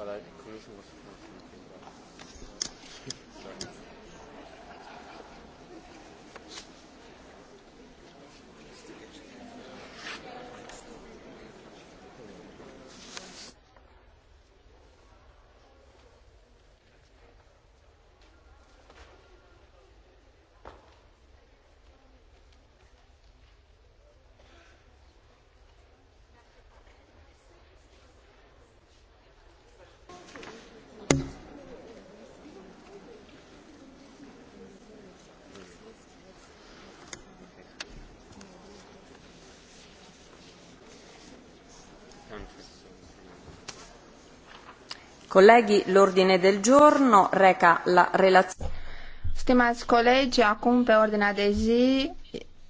but I, the commission was Colegi, l'ordine del giorno reca la relazione. Stimați colegi, acum pe ordinea de zi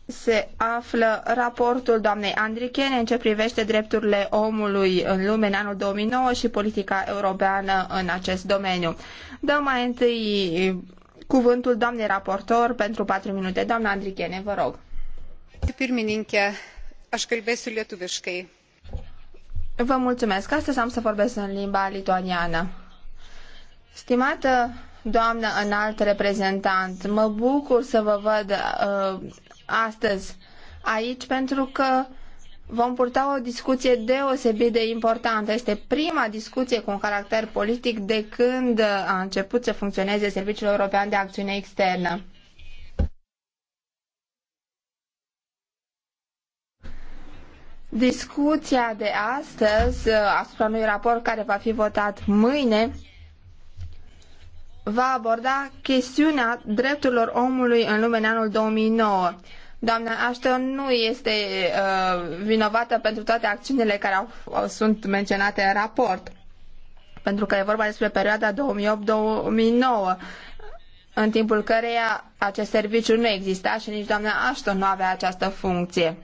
se află raportul doamnei Andrichene în ce privește drepturile omului în lume în anul 2009 și politica europeană în acest domeniu. Dăm mai întâi cuvântul doamnei raportor pentru patru minute. Doamna Andrichene, vă rog. Pirmininke, aș kalbėsiu lietuviškai. Vă mulțumesc. Astăzi am să vorbesc în limba lituaniană. Stimată doamnă înalt reprezentant, mă bucur să vă văd uh, astăzi aici pentru că vom purta o discuție deosebit de importantă. Este prima discuție cu un caracter politic de când a început să funcționeze Serviciul European de Acțiune Externă. Discuția de astăzi uh, asupra unui raport care va fi votat mâine va aborda chestiunea drepturilor omului în lume în anul 2009. Doamna Ashton nu este uh, vinovată pentru toate acțiunile care au, sunt menționate în raport, pentru că e vorba despre perioada 2008-2009, în timpul căreia acest serviciu nu exista și nici doamna Ashton nu avea această funcție.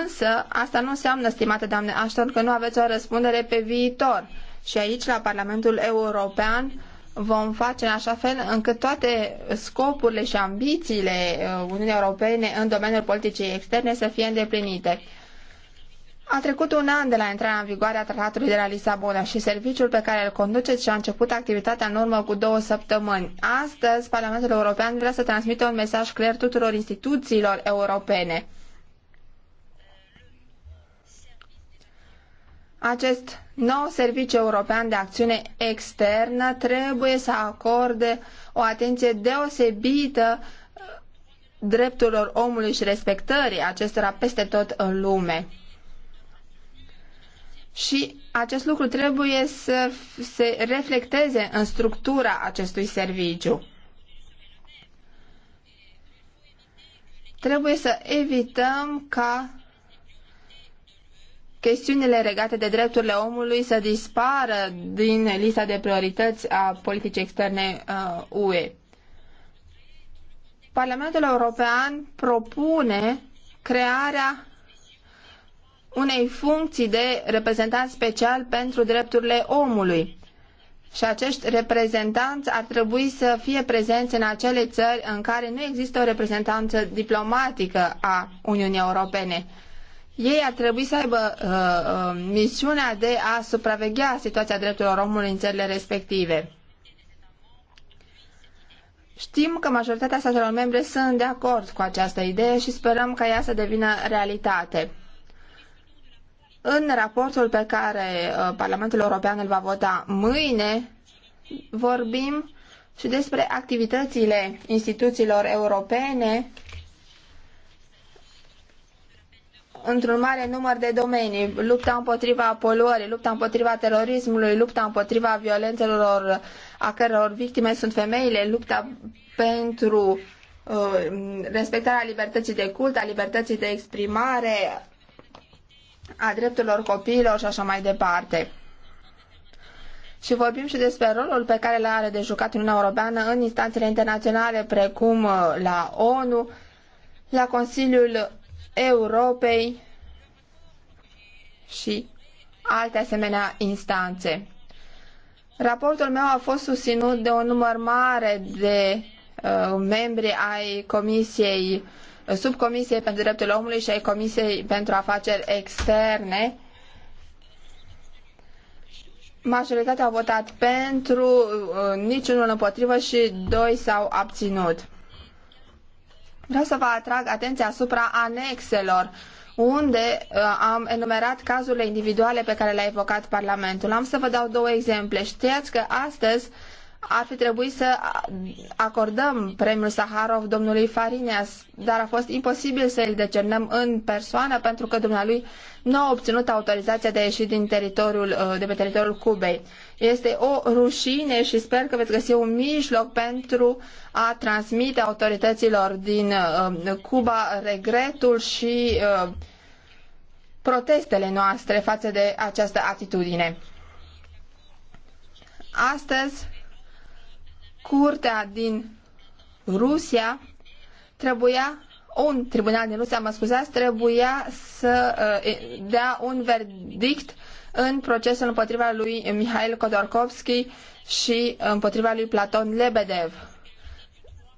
Însă, asta nu înseamnă, stimată doamne Ashton, că nu aveți o răspundere pe viitor. Și aici, la Parlamentul European, vom face în așa fel încât toate scopurile și ambițiile uh, Uniunii Europene în domeniul politicii externe să fie îndeplinite. A trecut un an de la intrarea în vigoare a tratatului de la Lisabona și serviciul pe care îl conduceți și-a început activitatea în urmă cu două săptămâni. Astăzi, Parlamentul European vrea să transmită un mesaj clar tuturor instituțiilor europene. Acest nou serviciu european de acțiune externă trebuie să acorde o atenție deosebită uh, drepturilor omului și respectării acestora peste tot în lume. Și acest lucru trebuie să se reflecteze în structura acestui serviciu. Trebuie să evităm ca chestiunile legate de drepturile omului să dispară din lista de priorități a politicii externe UE. Uh, Parlamentul European propune crearea unei funcții de reprezentant special pentru drepturile omului. Și acești reprezentanți ar trebui să fie prezenți în acele țări în care nu există o reprezentanță diplomatică a Uniunii Europene. Ei ar trebui să aibă uh, uh, misiunea de a supraveghea situația drepturilor omului în țările respective. Știm că majoritatea statelor membre sunt de acord cu această idee și sperăm ca ea să devină realitate. În raportul pe care uh, Parlamentul European îl va vota mâine, vorbim și despre activitățile instituțiilor europene într-un mare număr de domenii. Lupta împotriva poluării, lupta împotriva terorismului, lupta împotriva violențelor a căror victime sunt femeile, lupta pentru uh, respectarea libertății de cult, a libertății de exprimare, a drepturilor copiilor și așa mai departe. Și vorbim și despre rolul pe care l are de jucat Uniunea Europeană în instanțele internaționale, precum uh, la ONU, la Consiliul Europei și alte asemenea instanțe. Raportul meu a fost susținut de un număr mare de uh, membri ai Comisiei, Subcomisiei pentru Drepturile Omului și ai Comisiei pentru Afaceri Externe. Majoritatea au votat pentru, uh, niciunul împotrivă și doi s-au abținut. Vreau să vă atrag atenția asupra anexelor unde uh, am enumerat cazurile individuale pe care le-a evocat Parlamentul. Am să vă dau două exemple. Știați că astăzi ar fi trebuit să acordăm premiul Saharov domnului Farineas, dar a fost imposibil să îl decernăm în persoană pentru că dumnealui nu a obținut autorizația de a ieși din teritoriul, uh, de pe teritoriul Cubei. Este o rușine și sper că veți găsi un mijloc pentru a transmite autorităților din uh, Cuba regretul și uh, protestele noastre față de această atitudine. Astăzi, curtea din Rusia trebuia un tribunal din Rusia, mă scuzați, trebuia să uh, dea un verdict în procesul împotriva lui Mihail Khodorkovsky și împotriva lui Platon Lebedev.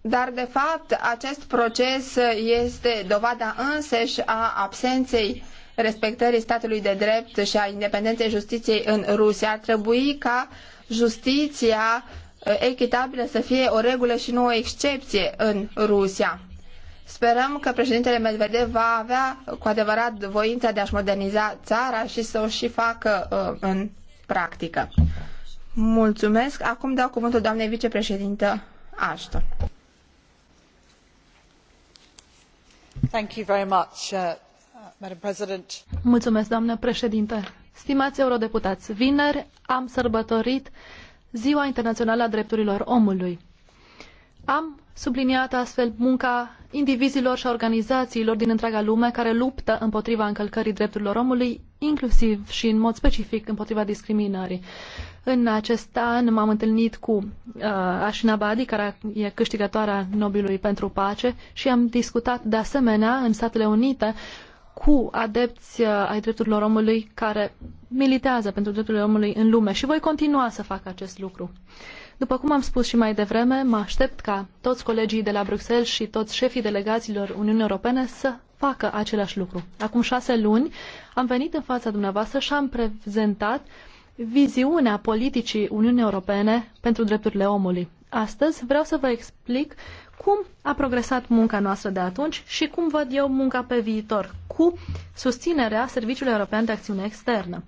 Dar, de fapt, acest proces este dovada însăși a absenței respectării statului de drept și a independenței justiției în Rusia. Ar trebui ca justiția echitabilă să fie o regulă și nu o excepție în Rusia. Sperăm că președintele Medvedev va avea cu adevărat voința de a-și moderniza țara și să o și facă uh, în practică. Mulțumesc. Acum dau cuvântul doamnei vicepreședintă Ashton. Thank you very much, uh, uh Madam President. Mulțumesc, doamnă președinte. Stimați eurodeputați, vineri am sărbătorit Ziua Internațională a Drepturilor Omului. Am subliniat astfel munca indivizilor și organizațiilor din întreaga lume care luptă împotriva încălcării drepturilor omului, inclusiv și în mod specific împotriva discriminării. În acest an m-am întâlnit cu uh, Ashina Badi, care e câștigătoarea Nobelului pentru pace, și am discutat de asemenea în Statele Unite cu adepți uh, ai drepturilor omului care militează pentru drepturile omului în lume și voi continua să fac acest lucru. Uh, după cum am spus și mai devreme, mă aștept ca toți colegii de la Bruxelles și toți șefii delegațiilor Uniunii Europene să facă același lucru. Acum șase luni am venit în fața dumneavoastră și am prezentat viziunea politicii Uniunii Europene pentru drepturile omului. Astăzi vreau să vă explic cum a progresat munca noastră de atunci și cum văd eu munca pe viitor, cu susținerea Serviciului European de Acțiune Externă.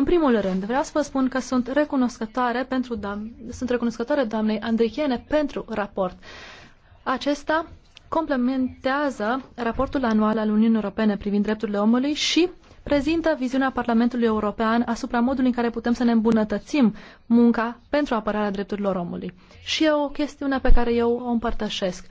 În primul rând, vreau să vă spun că sunt recunoscătoare, pentru doam- sunt recunoscătoare doamnei Andrichiene pentru raport. Acesta complementează raportul anual al Uniunii Europene privind drepturile omului și prezintă viziunea Parlamentului European asupra modului în care putem să ne îmbunătățim munca pentru apărarea drepturilor omului. Și e o chestiune pe care eu o împărtășesc.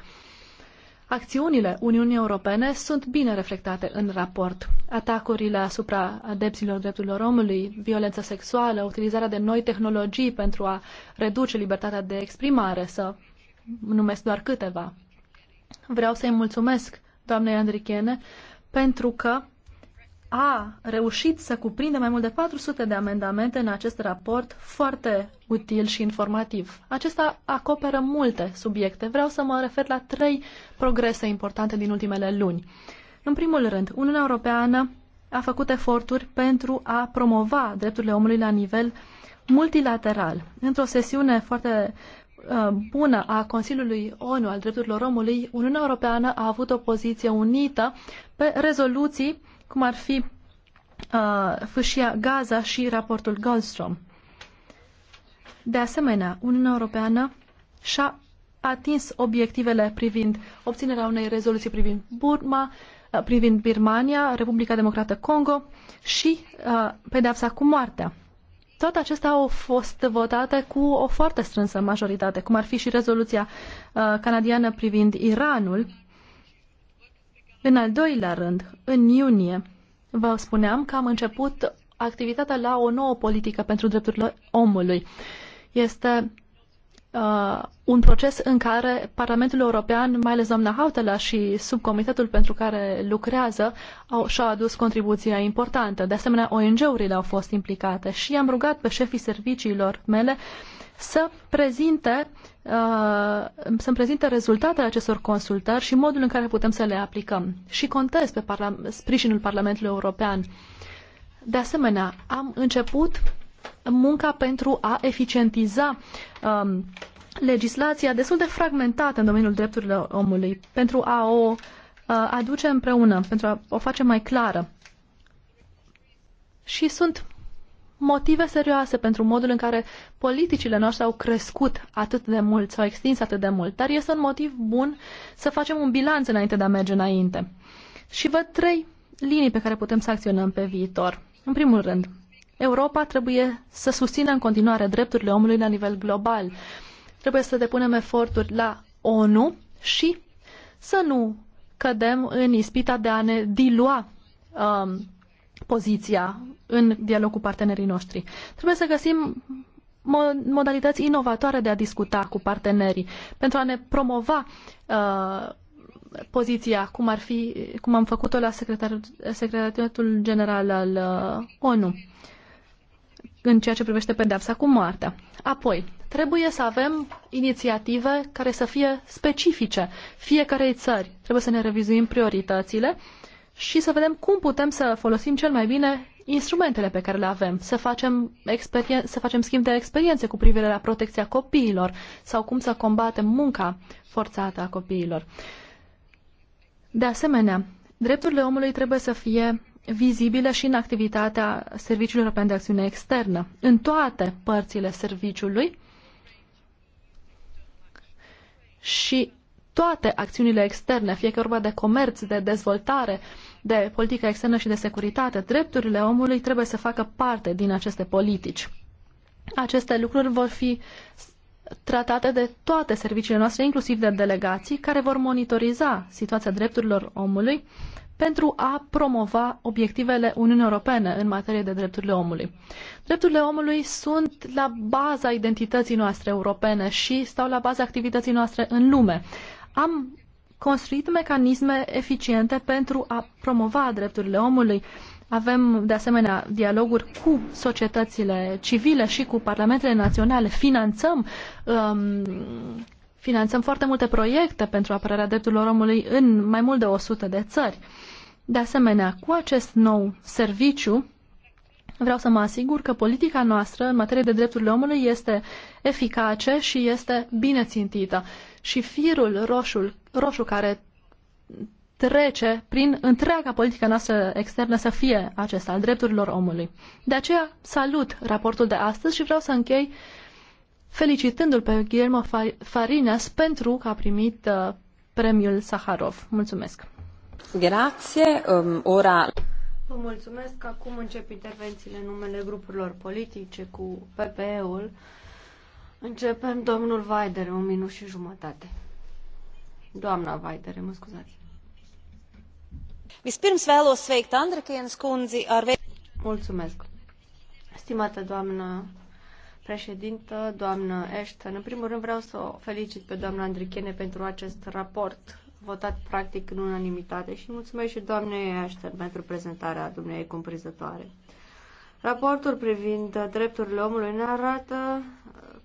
Acțiunile Uniunii Europene sunt bine reflectate în raport. Atacurile asupra adepților drepturilor omului, violența sexuală, utilizarea de noi tehnologii pentru a reduce libertatea de exprimare, să numesc doar câteva. Vreau să-i mulțumesc doamnei Andrichene pentru că a reușit să cuprindă mai mult de 400 de amendamente în acest raport foarte util și informativ. Acesta acoperă multe subiecte. Vreau să mă refer la trei progrese importante din ultimele luni. În primul rând, Uniunea Europeană a făcut eforturi pentru a promova drepturile omului la nivel multilateral. Într-o sesiune foarte uh, bună a Consiliului ONU al Drepturilor Omului, Uniunea Europeană a avut o poziție unită pe rezoluții cum ar fi uh, fâșia Gaza și raportul Goldstrom. De asemenea, Uniunea Europeană și-a atins obiectivele privind obținerea unei rezoluții privind Burma, uh, privind Birmania, Republica Democrată Congo și uh, pedeapsa cu moartea. Toate acestea au fost votate cu o foarte strânsă majoritate, cum ar fi și rezoluția uh, canadiană privind Iranul, în al doilea rând, în iunie, vă spuneam că am început activitatea la o nouă politică pentru drepturile omului. Este uh, un proces în care Parlamentul European, mai ales doamna Hautela și subcomitetul pentru care lucrează, au, și-au adus contribuția importantă. De asemenea, ONG-urile au fost implicate și am rugat pe șefii serviciilor mele uh, să prezinte, uh, să prezinte rezultatele acestor consultări și modul în care putem să le aplicăm. Și contez pe parla- sprijinul Parlamentului European. De asemenea, am început munca pentru a eficientiza um, legislația destul de fragmentată în domeniul drepturilor omului, pentru a o uh, aduce împreună, pentru a o face mai clară. Și sunt motive serioase pentru modul în care politicile noastre au crescut atât de mult, s-au extins atât de mult, dar este un motiv bun să facem un bilanț înainte de a merge înainte. Și văd trei linii pe care putem să acționăm pe viitor. În primul rând, Europa trebuie să susțină în continuare drepturile omului la nivel global. Trebuie să depunem eforturi la ONU și să nu cădem în ispita de a ne dilua um, poziția în dialog cu partenerii noștri. Trebuie să găsim modalități inovatoare de a discuta cu partenerii pentru a ne promova uh, poziția, cum ar fi, cum am făcut-o la secretar, Secretariatul General al uh, ONU în ceea ce privește pedeapsa cu moartea. Apoi, trebuie să avem inițiative care să fie specifice fiecarei țări. Trebuie să ne revizuim prioritățile uh, și să vedem cum putem să folosim cel mai bine instrumentele pe care le avem, să facem, să facem schimb de experiențe cu privire la protecția copiilor sau cum să combatem munca forțată a copiilor. De asemenea, drepturile omului trebuie să fie vizibile și în activitatea Serviciului European de Acțiune Externă, în toate părțile serviciului și toate acțiunile externe, fie că vorba de comerț, de dezvoltare, uh, de politică externă și de securitate, drepturile omului trebuie să facă parte din aceste politici. Aceste lucruri vor fi tratate de toate serviciile noastre, inclusiv de delegații, care vor monitoriza situația drepturilor omului pentru a promova obiectivele Uniunii Europene în materie de drepturile omului. Drepturile omului sunt la baza identității noastre europene și stau la baza activității noastre în lume. Am construit mecanisme eficiente pentru a promova drepturile omului. Avem, de asemenea, dialoguri cu societățile civile și cu parlamentele naționale. Finanțăm, um, finanțăm foarte multe proiecte pentru apărarea drepturilor omului în mai mult de 100 de țări. De asemenea, cu acest nou serviciu, vreau să mă asigur că politica noastră în materie de drepturile omului este eficace și este bine țintită și firul roșu, roșu care trece prin întreaga politică noastră externă să fie acesta, al drepturilor omului. De aceea salut raportul de astăzi și vreau să închei felicitându-l pe Guillermo Farinas pentru că a primit uh, premiul Saharov. Mulțumesc! Grație, um, ora... Vă mulțumesc. Acum încep intervențiile numele grupurilor politice cu PPE-ul. Începem, domnul Vaidere, un minut și jumătate. Doamna Vaidere, mă scuzați. Vispirms vēlos sveikt Andrekienas kundzi ar Mulțumesc. Stimată doamnă președintă, doamnă Ashton, în primul rând vreau să o felicit pe doamna Andrichene pentru acest raport votat practic în unanimitate și mulțumesc și doamnei Ashton pentru prezentarea dumneei cumprizătoare. Raportul privind drepturile omului ne arată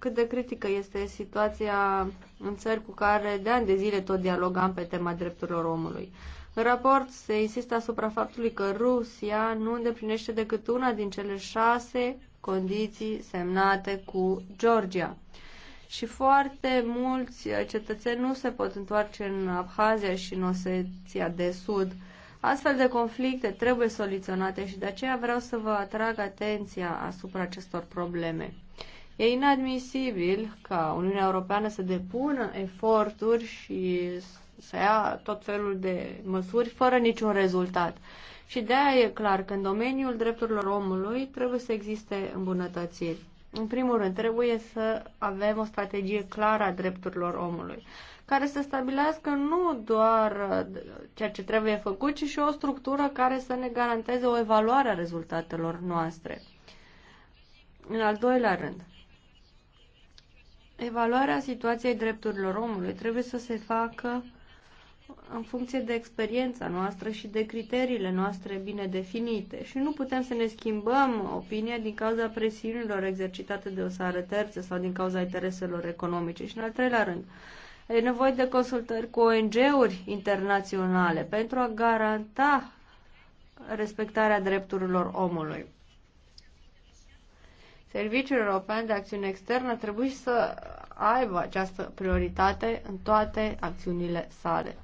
cât de critică este situația în țări cu care de ani de zile tot dialogam pe tema drepturilor omului. În raport se insistă asupra faptului că Rusia nu îndeplinește decât una din cele șase condiții semnate cu Georgia. Și foarte mulți cetățeni nu se pot întoarce în Abhazia și în Oseția de Sud. Astfel de conflicte trebuie soluționate și de aceea vreau să vă atrag atenția asupra acestor probleme. E inadmisibil ca Uniunea Europeană să depună eforturi și să ia tot felul de măsuri fără niciun rezultat. Și de aia e clar că în domeniul drepturilor omului trebuie să existe îmbunătățiri. În primul rând, trebuie să avem o strategie clară a drepturilor omului, care să stabilească nu doar uh, ceea ce trebuie făcut, ci și o structură care să ne garanteze o evaluare a rezultatelor noastre. În al doilea rând, Evaluarea situației drepturilor omului trebuie să se facă în funcție de experiența noastră și de criteriile noastre bine definite și nu putem să ne schimbăm opinia din cauza presiunilor exercitate de o sară terță sau din cauza intereselor economice. Și în al treilea rând, e nevoie de consultări cu ONG-uri internaționale pentru a garanta respectarea drepturilor omului. Serviciul European de Acțiune Externă trebuie să aibă această prioritate în toate acțiunile sale.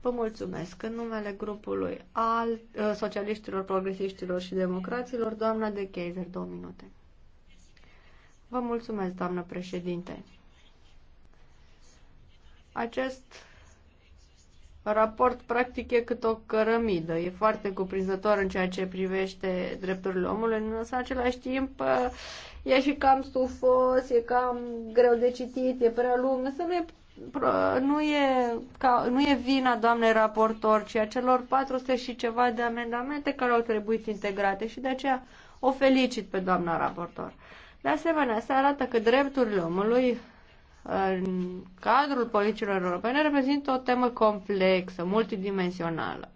Vă mulțumesc. În numele grupului al uh, socialiștilor, progresiștilor și democraților, doamna de Kaiser, două minute. Vă mulțumesc, doamnă președinte. Acest raport practic e cât o cărămidă. E foarte cuprinzător în ceea ce privește drepturile omului, însă în același timp uh, e și cam stufos, e cam greu de citit, e prea lung, însă nu e nu e, ca, nu e vina doamnei raportor, ci a celor 400 și ceva de amendamente care au trebuit integrate și de aceea o felicit pe doamna raportor. De asemenea, se arată că drepturile omului în cadrul politicilor europene reprezintă o temă complexă, multidimensională.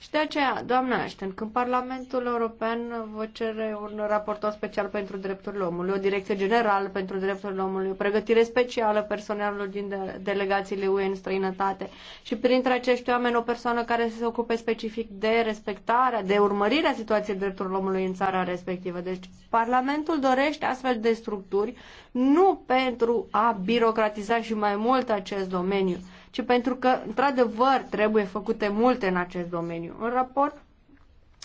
Și de aceea, doamna Ashton, când Parlamentul European vă cere un raportor special pentru drepturile omului, o direcție generală pentru drepturile omului, o pregătire specială personalului din de- delegațiile UE în străinătate și printre acești oameni o persoană care se ocupe specific de respectarea, de urmărirea situației drepturilor omului în țara respectivă. Deci Parlamentul dorește astfel de structuri nu pentru a birocratiza și mai mult acest domeniu, ci pentru că, într-adevăr, trebuie făcute multe în acest domeniu. În raport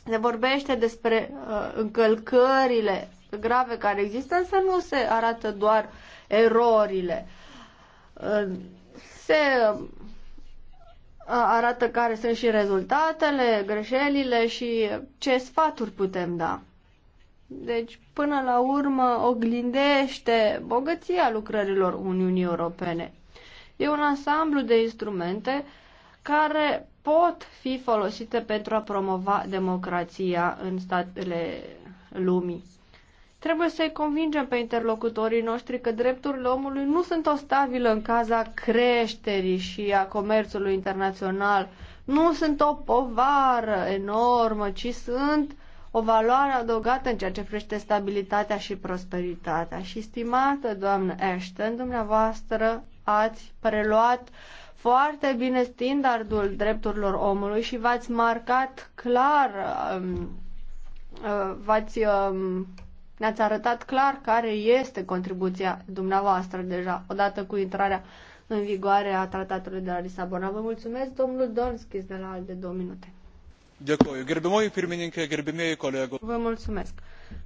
se vorbește despre uh, încălcările grave care există, însă nu se arată doar erorile. Uh, se uh, arată care sunt și rezultatele, greșelile și ce sfaturi putem da. Deci, până la urmă, oglindește bogăția lucrărilor Uniunii Europene. E un ansamblu de instrumente care pot fi folosite pentru a promova democrația în statele lumii. Trebuie să-i convingem pe interlocutorii noștri că drepturile omului nu sunt o stabilă în caza creșterii și a comerțului internațional, nu sunt o povară enormă, ci sunt o valoare adăugată în ceea ce privește stabilitatea și prosperitatea. Și, stimată doamnă Ashton, dumneavoastră ați preluat foarte bine standardul drepturilor omului și v-ați marcat clar, um, uh, v-ați, um, ne-ați arătat clar care este contribuția dumneavoastră deja, odată cu intrarea în vigoare a tratatului de la Lisabona. Vă mulțumesc, domnul Donskis, de la al de două minute. Vă mulțumesc.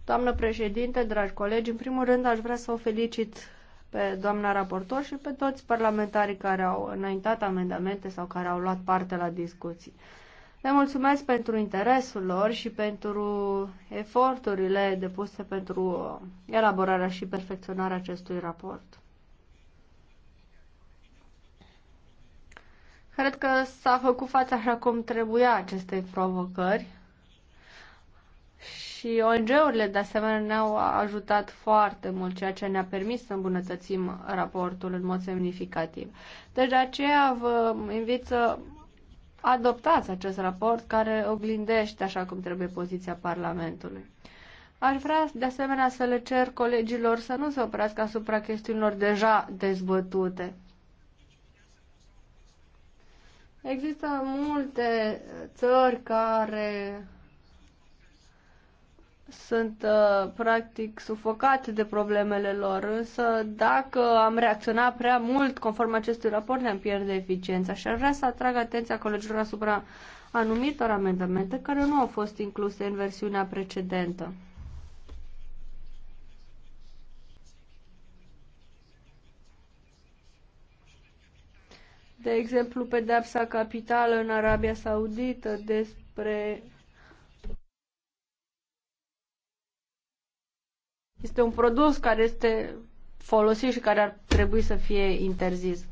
Doamnă președinte, dragi colegi, în primul rând aș vrea să o felicit pe doamna raportor și pe toți parlamentarii care au înaintat amendamente sau care au luat parte la discuții. Le mulțumesc pentru interesul lor și pentru eforturile depuse pentru elaborarea și perfecționarea acestui raport. Cred că s-a făcut față așa cum trebuia acestei provocări și ONG-urile de asemenea ne-au ajutat foarte mult, ceea ce ne-a permis să îmbunătățim raportul în mod semnificativ. Deci de aceea vă invit să adoptați acest raport care oglindește așa cum trebuie poziția Parlamentului. Aș vrea de asemenea să le cer colegilor să nu se oprească asupra chestiunilor deja dezbătute. Există multe țări care sunt uh, practic sufocate de problemele lor, însă dacă am reacționat prea mult conform acestui raport, ne-am pierde eficiența și ar vrea să atrag atenția colegilor asupra anumitor amendamente care nu au fost incluse în versiunea precedentă. De exemplu, pedepsa capitală în Arabia Saudită despre Este un produs care este folosit și care ar trebui să fie interzis.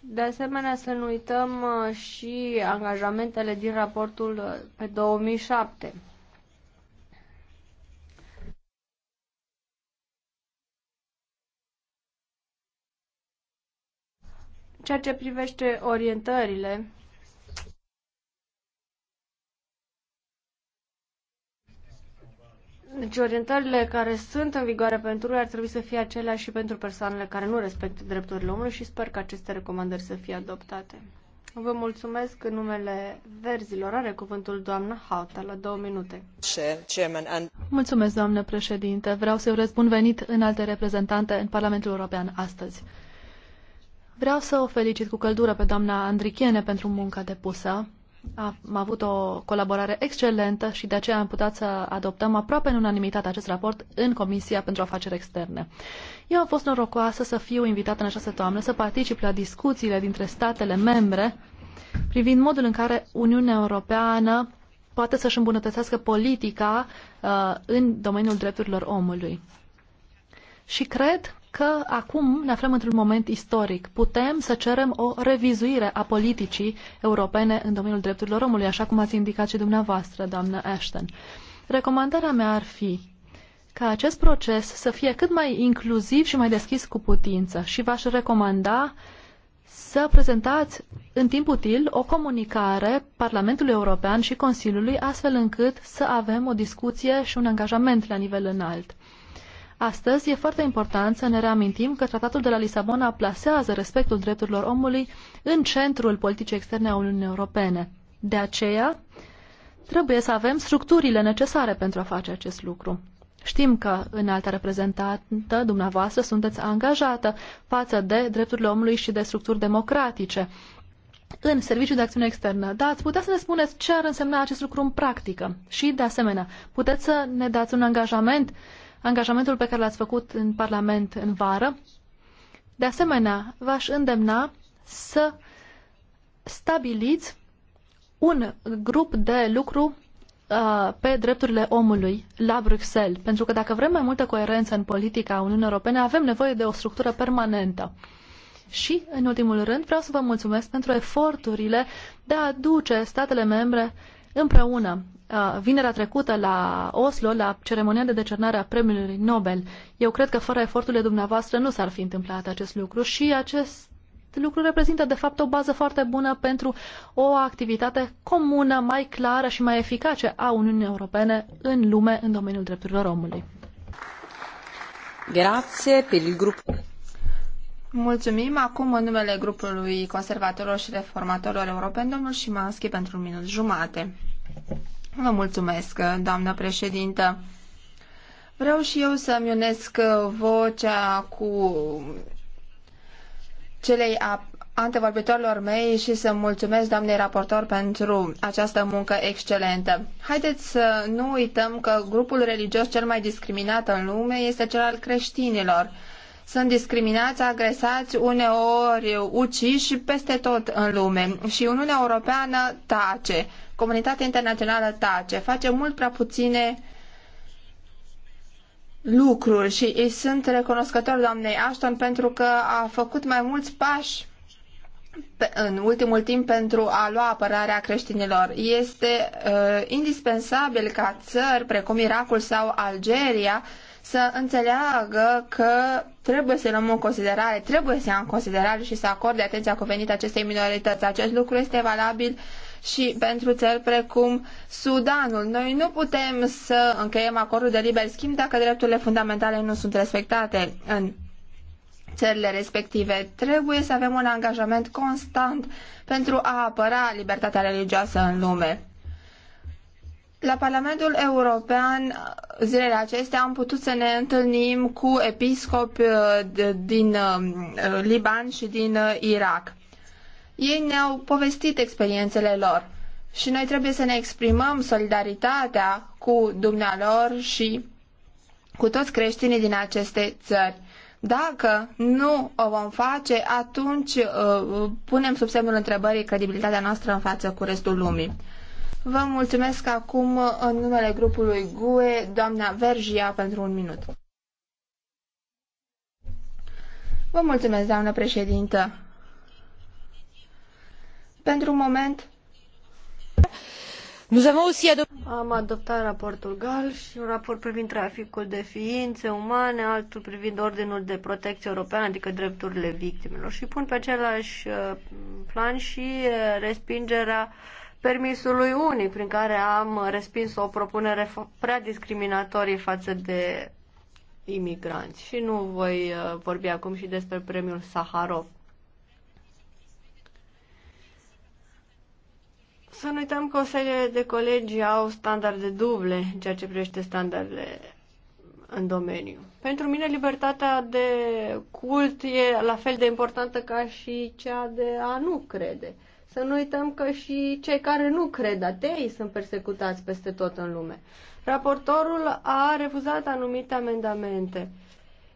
De asemenea, să nu uităm uh, și angajamentele din raportul uh, pe 2007. Ceea ce privește orientările, Deci orientările care sunt în vigoare pentru ei ar trebui să fie aceleași și pentru persoanele care nu respectă drepturile omului și sper că aceste recomandări să fie adoptate. Vă mulțumesc în numele verzilor. Are cuvântul doamna Hauta la două minute. Mulțumesc, doamnă președinte. Vreau să-i urez bun venit în alte reprezentante în Parlamentul European astăzi. Vreau să o felicit cu căldură pe doamna Andrichiene pentru munca depusă am avut o colaborare excelentă și de aceea am putut să adoptăm aproape în unanimitate acest raport în Comisia pentru Afaceri Externe. Eu am fost norocoasă să fiu invitată în această toamnă să particip la discuțiile dintre statele membre privind modul în care Uniunea Europeană poate să-și îmbunătățească politica uh, în domeniul drepturilor omului. Și cred că acum ne aflăm într-un moment istoric. Putem să cerem o revizuire a politicii europene în domeniul drepturilor omului, așa cum ați indicat și dumneavoastră, doamnă Ashton. Recomandarea mea ar fi ca acest proces să fie cât mai inclusiv și mai deschis cu putință și v-aș recomanda să prezentați în timp util o comunicare Parlamentului European și Consiliului astfel încât să avem o discuție și un angajament la nivel înalt. Astăzi e foarte important să ne reamintim că tratatul de la Lisabona plasează respectul drepturilor omului în centrul politicii externe a Uniunii Europene. De aceea, trebuie să avem structurile necesare pentru a face acest lucru. Știm că în alta reprezentantă, dumneavoastră, sunteți angajată față de drepturile omului și de structuri democratice. În Serviciul de Acțiune Externă, da, ați putea să ne spuneți ce ar însemna acest lucru în practică și, de asemenea, puteți să ne dați un angajament angajamentul pe care l-ați făcut în Parlament în vară. De asemenea, v-aș îndemna să stabiliți un grup de lucru uh, pe drepturile omului la Bruxelles, pentru că dacă vrem mai multă coerență în politica Uniunii Europene, avem nevoie de o structură permanentă. Și, în ultimul rând, vreau să vă mulțumesc pentru eforturile de a aduce statele membre împreună vinerea trecută la Oslo, la ceremonia de decernare a premiului Nobel. Eu cred că fără eforturile dumneavoastră nu s-ar fi întâmplat acest lucru și acest lucru reprezintă de fapt o bază foarte bună pentru o activitate comună, mai clară și mai eficace a Uniunii Europene în lume în domeniul drepturilor omului. Grazie per il grup. Mulțumim. Acum, în numele grupului conservatorilor și reformatorilor europeni, domnul Șimanschi pentru un minut jumate. Vă mulțumesc, doamnă președintă. Vreau și eu să-mi unesc vocea cu celei a antevorbitorilor mei și să mulțumesc doamnei raportor pentru această muncă excelentă. Haideți să nu uităm că grupul religios cel mai discriminat în lume este cel al creștinilor sunt discriminați, agresați, uneori uciși peste tot în lume. Și Uniunea Europeană tace, comunitatea internațională tace, face mult prea puține lucruri și îi sunt recunoscător doamnei Ashton pentru că a făcut mai mulți pași în ultimul timp pentru a lua apărarea creștinilor. Este uh, indispensabil ca țări precum Irakul sau Algeria uh, să înțeleagă că trebuie să luăm în considerare, trebuie să ia în considerare și să acorde atenția cuvenită acestei minorități. Acest lucru este valabil și pentru țări precum Sudanul. Noi nu putem să încheiem acordul de liber schimb dacă drepturile fundamentale nu sunt respectate în țările respective. Trebuie să avem un angajament constant pentru a apăra libertatea religioasă în lume. La Parlamentul European, zilele acestea, am putut să ne întâlnim cu episcopi uh, din uh, Liban și din uh, Irak. Ei ne-au povestit experiențele lor și noi trebuie să ne exprimăm solidaritatea cu dumnealor și cu toți creștinii din aceste țări. Dacă nu o vom face, atunci punem sub semnul întrebării credibilitatea noastră în față cu restul lumii. Vă mulțumesc acum în numele grupului GUE, doamna Vergia, pentru un minut. Vă mulțumesc, doamnă președintă. Pentru un moment... Nous avons aussi adop- Am adoptat raportul GAL și un raport privind traficul de ființe umane, altul privind Ordinul de Protecție Europeană, adică drepturile victimelor. Și pun pe același uh, plan și uh, respingerea uh, permisului unic prin care am respins o propunere prea discriminatorie față de imigranți. Și nu voi uh, vorbi acum și despre premiul Saharov. Să nu uităm că o serie de colegi au standarde duble în ceea ce privește standardele în domeniu. Pentru mine libertatea de cult e la fel de importantă ca și cea de a nu crede. Să nu uităm că și cei care nu cred atei sunt persecutați peste tot în lume. Raportorul a refuzat anumite amendamente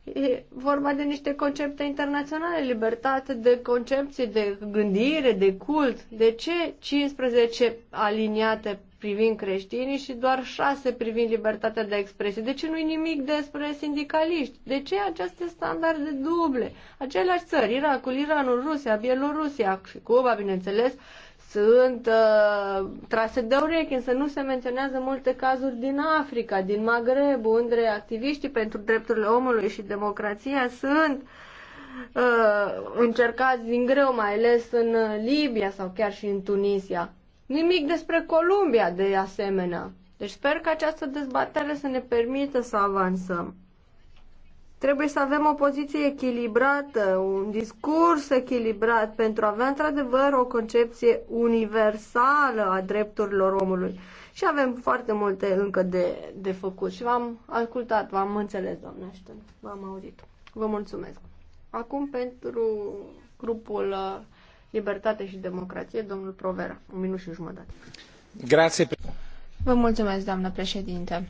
E vorba de niște concepte internaționale, libertate de concepție, de gândire, de cult. De ce 15 aliniate privind creștinii și doar 6 privind libertatea de expresie? De ce nu-i nimic despre sindicaliști? De ce aceste standarde duble? Aceleași țări, Irakul, Iranul, Rusia, Bielorusia și Cuba, bineînțeles, sunt uh, trase de urechi, însă nu se menționează multe cazuri din Africa, din Maghreb, unde activiștii pentru drepturile omului și democrația sunt uh, încercați din greu, mai ales în Libia sau chiar și în Tunisia. Nimic despre Columbia, de asemenea. Deci sper că această dezbatere să ne permită să avansăm. Trebuie să avem o poziție echilibrată, un discurs echilibrat pentru a avea într-adevăr o concepție universală a drepturilor omului. Și avem foarte multe încă de, de făcut și v-am ascultat, v-am înțeles, doamne Ashton, v-am auzit. Vă mulțumesc. Acum pentru grupul uh, Libertate și Democrație, domnul Provera, un minut și jumătate. Grație. Vă mulțumesc, doamnă președinte.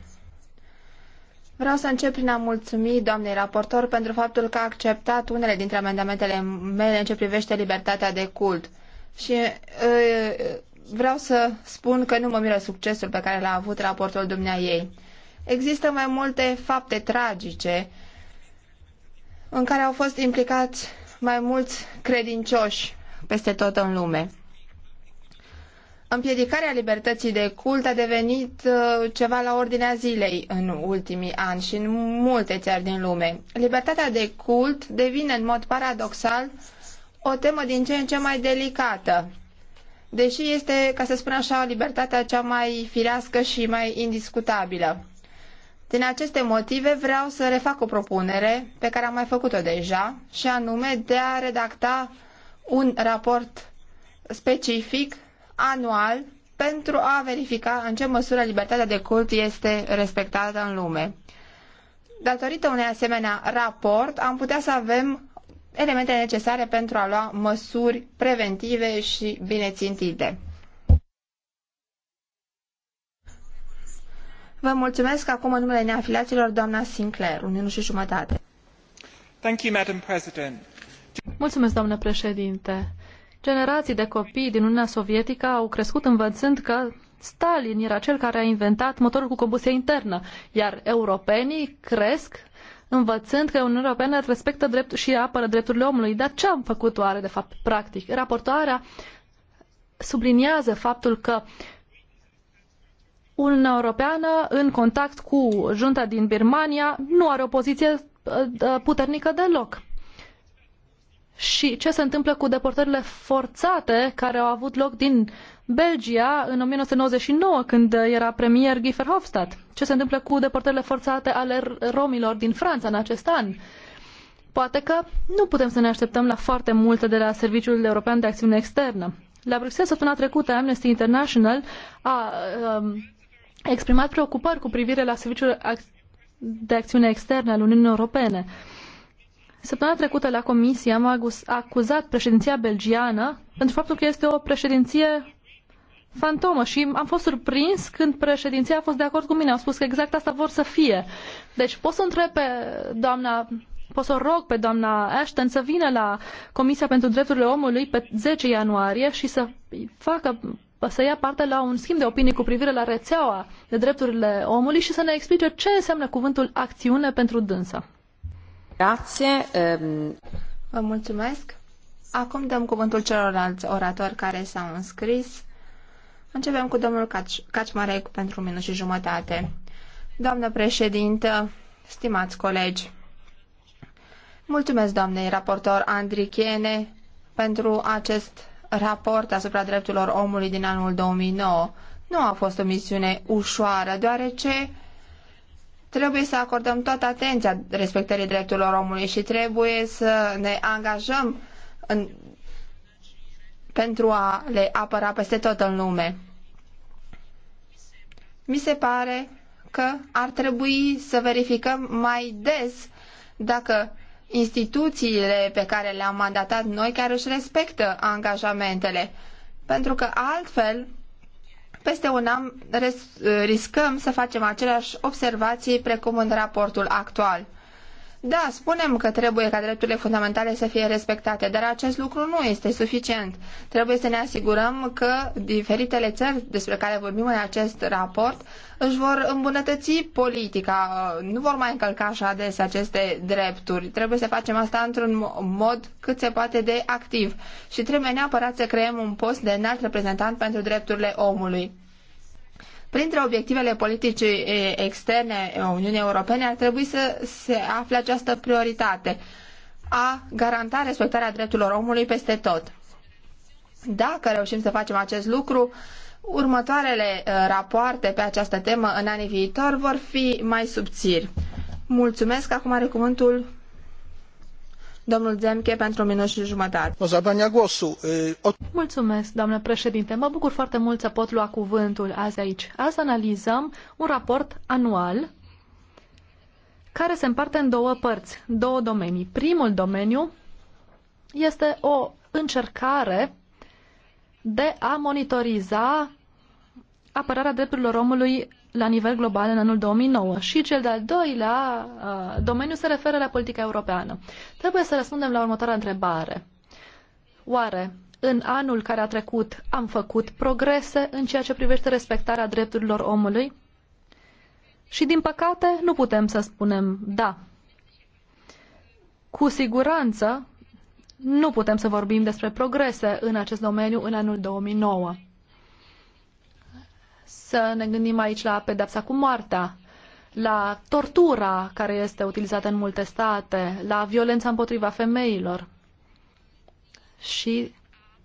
Vreau să încep prin a mulțumi doamnei raportor pentru faptul că a acceptat unele dintre amendamentele mele în ce privește libertatea de cult. Și vreau să spun că nu mă miră succesul pe care l-a avut raportul dumnea ei. Există mai multe fapte tragice în care au fost implicați mai mulți credincioși peste tot în lume împiedicarea libertății de cult a devenit uh, ceva la ordinea zilei în ultimii ani și în multe țări din lume. Libertatea de cult devine în mod paradoxal o temă din ce în ce mai delicată, deși este, ca să spun așa, libertatea cea mai firească și mai indiscutabilă. Din aceste motive vreau să refac o propunere pe care am mai făcut-o deja și anume de a redacta un raport specific anual pentru a verifica în ce măsură libertatea de cult este respectată în lume. Datorită unei asemenea raport, am putea să avem elementele necesare pentru a lua măsuri preventive și bine țintite. Vă mulțumesc acum în numele neafiliaților doamna Sinclair, un minut și jumătate. Thank you, Madam President. Mulțumesc, doamnă președinte. Generații de copii din Uniunea Sovietică au crescut învățând că Stalin era cel care a inventat motorul cu combustie internă, iar europenii cresc învățând că Uniunea Europeană respectă drept și apără drepturile omului. Dar ce am făcut oare, de fapt, practic? Raportoarea subliniază faptul că Uniunea Europeană, în contact cu junta din Birmania, nu are o poziție uh, uh, puternică deloc și ce se întâmplă cu deportările forțate care au avut loc din Belgia în 1999, când era premier Guy Verhofstadt? Ce se întâmplă cu deportările forțate ale romilor din Franța în acest an? Poate că nu putem să ne așteptăm la foarte multe de la Serviciul European de Acțiune Externă. La Bruxelles, săptămâna trecută, Amnesty International a um, exprimat preocupări cu privire la Serviciul de Acțiune Externă al Uniunii Europene. Uh, Săptămâna trecută la Comisie am acuzat președinția belgiană pentru faptul că este o președinție fantomă și am fost surprins când președinția a fost de acord cu mine. Au spus că exact asta vor să fie. Deci pot să întreb pe doamna pot să rog pe doamna Ashton să vină la Comisia pentru Drepturile Omului pe 10 ianuarie și să facă să ia parte la un schimb de opinii cu privire la rețeaua de drepturile omului și să ne explice ce înseamnă cuvântul acțiune pentru dânsa. Ehm, Vă mulțumesc. Acum dăm cuvântul celorlalți oratori care s-au înscris. Începem cu domnul Cacimarec pentru un minut și jumătate. Doamnă președintă, stimați colegi, mulțumesc doamnei raportor Andrichiene pentru acest raport asupra drepturilor omului din anul 2009. Nu a fost o misiune ușoară, deoarece Trebuie să acordăm toată atenția respectării drepturilor omului și trebuie să ne angajăm în, pentru a le apăra peste tot în lume. Mi se pare că ar trebui să verificăm mai des dacă instituțiile pe care le-am mandatat noi care își respectă angajamentele. Pentru că altfel peste un an riscăm să facem aceleași observații precum în raportul actual. Da, spunem că trebuie ca drepturile fundamentale să fie respectate, dar acest lucru nu este suficient. Trebuie să ne asigurăm că diferitele țări despre care vorbim în acest raport își vor îmbunătăți politica, nu vor mai încălca așa des aceste drepturi. Trebuie să facem asta într-un mod cât se poate de activ și trebuie neapărat să creăm un post de înalt reprezentant pentru drepturile omului. Printre obiectivele politicii externe Uniunii Europene ar trebui să se afle această prioritate a garanta respectarea drepturilor omului peste tot. Dacă reușim să facem acest lucru, următoarele rapoarte pe această temă în anii viitor vor fi mai subțiri. Mulțumesc, acum are cuvântul Domnul Zemke, pentru un minut și jumătate. Mulțumesc, doamnă președinte. Mă bucur foarte mult să pot lua cuvântul azi aici. Azi analizăm un raport anual care se împarte în două părți, două domenii. Primul domeniu este o încercare de a monitoriza apărarea drepturilor omului la nivel global în anul 2009. Și cel de-al doilea uh, domeniu se referă la politica europeană. Trebuie să răspundem la următoarea întrebare. Oare în anul care a trecut am făcut progrese în ceea ce privește respectarea drepturilor omului? Și din păcate nu putem să spunem da. Cu siguranță nu putem să vorbim despre progrese în acest domeniu în anul 2009 să ne gândim aici la pedepsa cu moartea, la tortura care este utilizată în multe state, la violența împotriva femeilor și,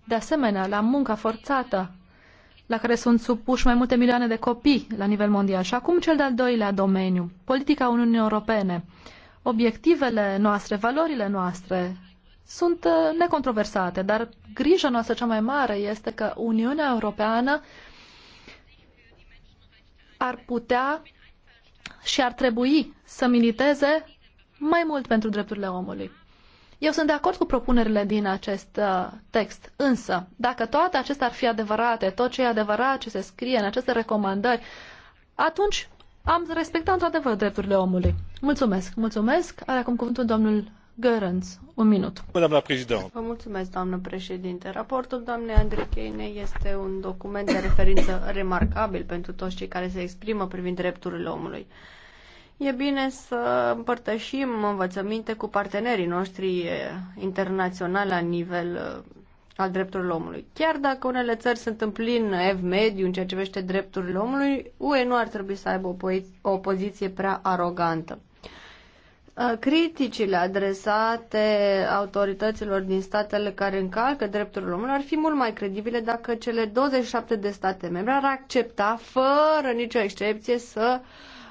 de asemenea, la munca forțată, la care sunt supuși mai multe milioane de copii la nivel mondial. Și acum cel de-al doilea domeniu, politica Uniunii Europene. Obiectivele noastre, valorile noastre sunt uh, necontroversate, dar grija noastră cea mai mare este că Uniunea Europeană ar putea și ar trebui să militeze mai mult pentru drepturile omului. Eu sunt de acord cu propunerile din acest uh, text, însă, dacă toate acestea ar fi adevărate, tot ce e adevărat ce se scrie în aceste recomandări, atunci am respectat într-adevăr drepturile omului. Mulțumesc, mulțumesc. Are acum cuvântul domnul minut. Vă mulțumesc, președinte. Raportul doamnei Andrei Cheine este un document de referință remarcabil pentru toți cei care se exprimă privind drepturile omului. E bine să împărtășim învățăminte cu partenerii noștri internaționali la nivel uh, al drepturilor omului. Chiar dacă unele țări sunt în plin ev mediu în ceea ce privește drepturile omului, UE nu ar trebui să aibă o, po- o poziție prea arogantă criticile adresate autorităților din statele care încalcă drepturile omului ar fi mult mai credibile dacă cele 27 de state membre ar accepta, fără nicio excepție, să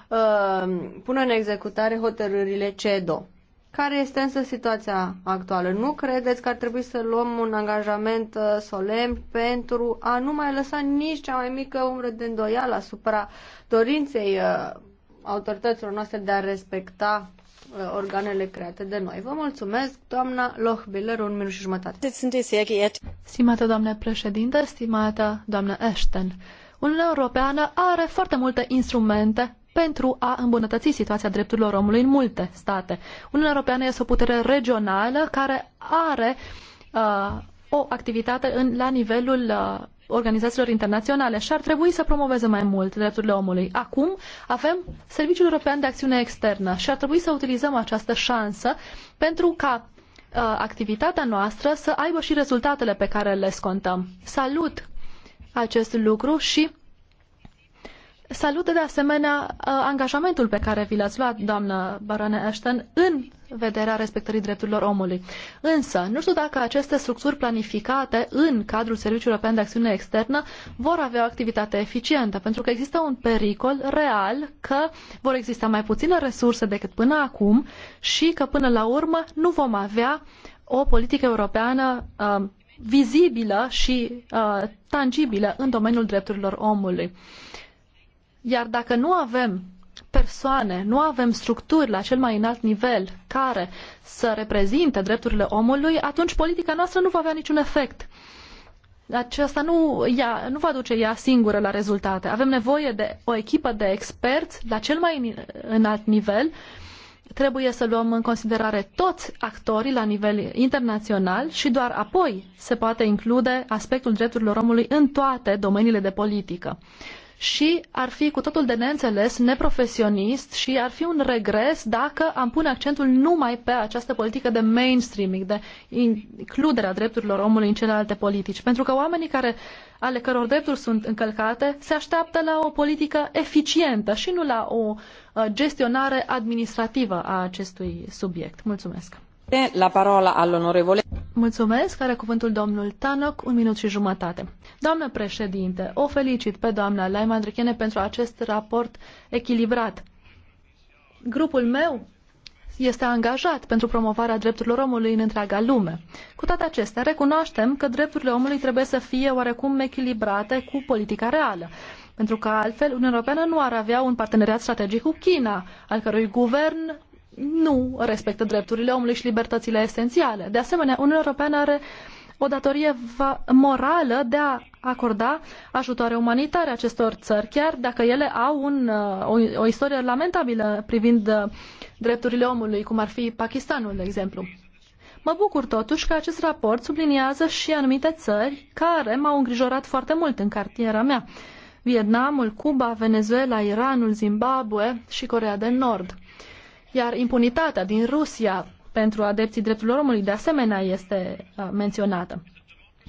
uh, pună în executare hotărârile CEDO. Care este însă situația actuală? Nu credeți că ar trebui să luăm un angajament solemn pentru a nu mai lăsa nici cea mai mică umbră de îndoială asupra dorinței autorităților noastre de a respecta Uh, organele create de noi. Vă mulțumesc, doamna Lochbiller, un minut și jumătate. Stimată doamnă președinte, stimată doamnă Ashton, Uniunea Europeană are foarte multe instrumente pentru a îmbunătăți situația drepturilor omului în multe state. Uniunea Europeană este o putere regională care are uh, o activitate în, la nivelul uh, organizațiilor internaționale și ar trebui să promoveze mai mult drepturile omului. Acum avem Serviciul European de Acțiune Externă și ar trebui să utilizăm această șansă pentru ca uh, activitatea noastră să aibă și rezultatele pe care le scontăm. Salut acest lucru și Salut de asemenea uh, angajamentul pe care vi l-ați luat, doamnă Barone Ashton, în vederea respectării drepturilor omului. Însă, nu știu dacă aceste structuri planificate în cadrul Serviciului European de Acțiune Externă vor avea o activitate eficientă, pentru că există un pericol real că vor exista mai puține resurse decât până acum și că până la urmă nu vom avea o politică europeană uh, vizibilă și uh, tangibilă în domeniul drepturilor omului. Uh, iar dacă nu avem persoane, nu avem structuri la cel mai înalt nivel care să reprezinte drepturile omului, atunci politica noastră nu va avea niciun efect. Aceasta nu, ea, nu va duce ea singură la rezultate. Avem nevoie de o echipă de experți la cel mai înalt nivel. Trebuie să luăm în considerare toți actorii la nivel internațional și doar apoi se poate include aspectul drepturilor omului în toate domeniile de politică și ar fi cu totul de neînțeles, neprofesionist și ar fi un regres dacă am pune accentul numai pe această politică de mainstreaming, de includerea drepturilor omului în celelalte politici. Pentru că oamenii care, ale căror drepturi sunt încălcate se așteaptă la o politică eficientă și nu la o uh, gestionare administrativă a acestui subiect. Mulțumesc! La parola Mulțumesc, are cuvântul domnul Tanok, un minut și jumătate. Doamnă președinte, o felicit pe doamna Laima Andrichene pentru acest raport echilibrat. Grupul meu este angajat pentru promovarea drepturilor omului în întreaga lume. Cu toate acestea, recunoaștem că drepturile omului trebuie să fie oarecum echilibrate cu politica reală. Pentru că altfel, Uniunea Europeană nu ar avea un parteneriat strategic cu China, al cărui guvern nu respectă drepturile omului și libertățile esențiale. De asemenea, Uniunea Europeană are o datorie morală de a acorda ajutoare umanitare acestor țări, chiar dacă ele au un, uh, o, o istorie lamentabilă privind uh, drepturile omului, cum ar fi Pakistanul, de exemplu. Mă bucur totuși că acest raport subliniază și anumite țări care m-au îngrijorat foarte mult în cartiera mea. Vietnamul, Cuba, Venezuela, Iranul, Zimbabwe și Corea de Nord. Iar impunitatea din Rusia pentru adepții drepturilor omului de asemenea este uh, menționată.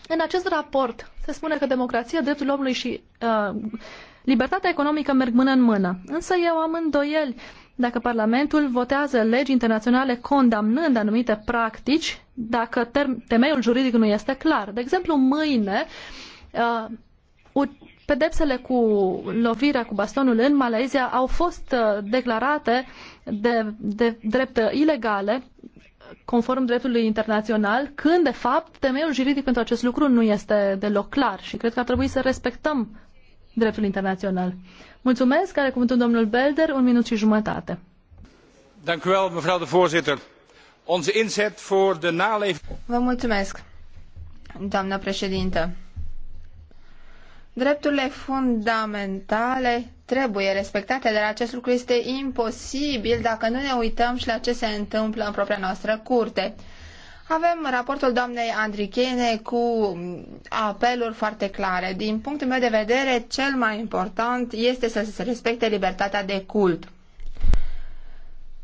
În acest raport se spune că democrația, dreptul omului și uh, libertatea economică merg mână în mână. Însă eu am îndoieli dacă Parlamentul votează legi internaționale condamnând anumite practici, dacă temeiul juridic nu este clar. De exemplu, mâine uh, Pedepsele cu lovirea cu bastonul în Malezia au fost uh, declarate de, de drept ilegale conform dreptului internațional, când, de fapt, temeiul juridic pentru acest lucru nu este deloc clar și cred că ar trebui să respectăm dreptul internațional. Mulțumesc. care cuvântul domnul Belder, un minut și jumătate. Vă mulțumesc, doamnă președintă. Drepturile fundamentale trebuie respectate, dar acest lucru este imposibil dacă nu ne uităm și la ce se întâmplă în propria noastră curte. Avem raportul doamnei Andrichene cu apeluri foarte clare. Din punctul meu de vedere, cel mai important este să se respecte libertatea de cult.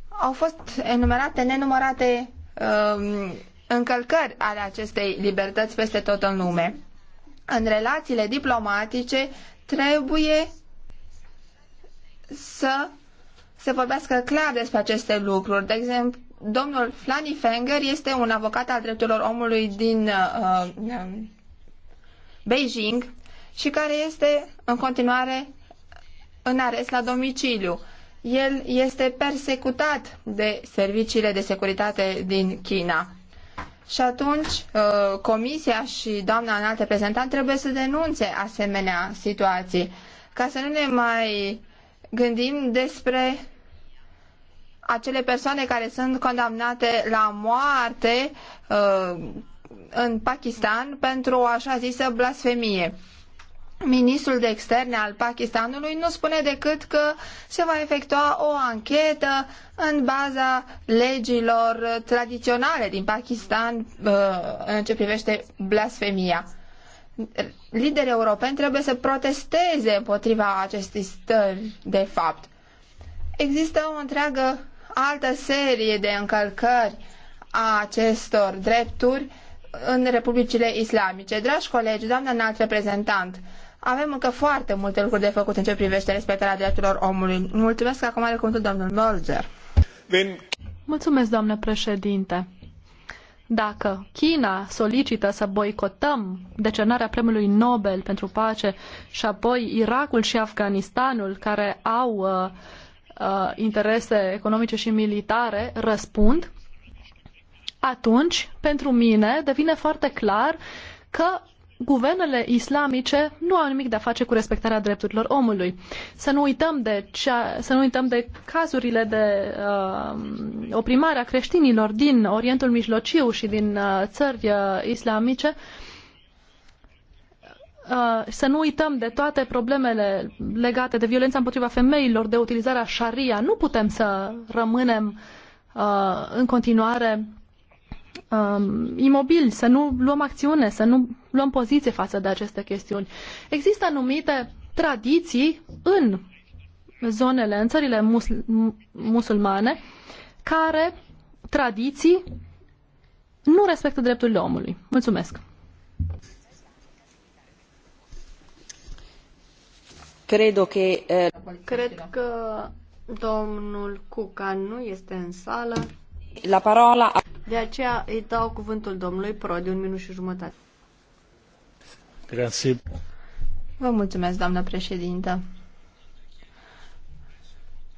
Au fost enumerate nenumărate um, încălcări ale acestei libertăți peste tot în lume în relațiile diplomatice trebuie să se vorbească clar despre aceste lucruri. De exemplu, domnul Fenger este un avocat al drepturilor omului din uh, uh, Beijing și care este în continuare în arest la domiciliu. El este persecutat de serviciile de securitate din China. Și atunci uh, Comisia și doamna înalt reprezentant trebuie să denunțe asemenea situații ca să nu ne mai gândim despre acele persoane care sunt condamnate la moarte uh, în Pakistan pentru o așa zisă blasfemie. Ministrul de Externe al Pakistanului nu spune decât că se va efectua o anchetă în baza legilor tradiționale din Pakistan uh, în ce privește blasfemia. Liderii europeni trebuie să protesteze împotriva acestei stări de fapt. Există o întreagă altă serie de încălcări a acestor drepturi în republicile islamice. Dragi colegi, doamnă înalt reprezentant, avem încă foarte multe lucruri de făcut în ce privește respectarea drepturilor omului. Mulțumesc că acum are cuvântul domnul Mölzer. Mulțumesc, doamnă președinte. Dacă China solicită să boicotăm decernarea premiului Nobel pentru pace și apoi Irakul și Afganistanul, care au uh, uh, interese economice și militare, răspund, atunci, pentru mine, devine foarte clar că guvernele islamice nu au nimic de a face cu respectarea drepturilor omului. Să nu uităm de, cea, să nu uităm de cazurile de uh, oprimare a creștinilor din Orientul Mijlociu și din uh, țări uh, islamice. Uh, să nu uităm de toate problemele legate de violența împotriva femeilor, de utilizarea sharia. Nu putem să rămânem uh, în continuare um, imobili, să nu luăm acțiune, să nu luăm poziție față de aceste chestiuni. Există anumite tradiții în zonele, în țările musul, musulmane, care tradiții nu respectă drepturile omului. Mulțumesc! Credo că, eh... Cred că domnul Cuca nu este în sală. La parola... De aceea îi dau cuvântul domnului Prodi, un minut și jumătate. Grazie. Vă mulțumesc, doamnă președintă.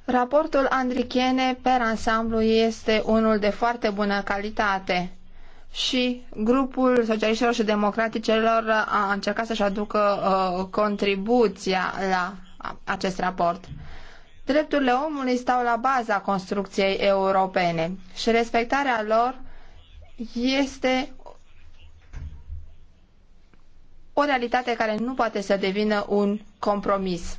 Raportul Andrichene per ansamblu este unul de foarte bună calitate și grupul socialiștilor și democraticelor a încercat să-și aducă uh, contribuția la acest raport. Drepturile omului stau la baza construcției europene și respectarea lor este o realitate care nu poate să devină un compromis.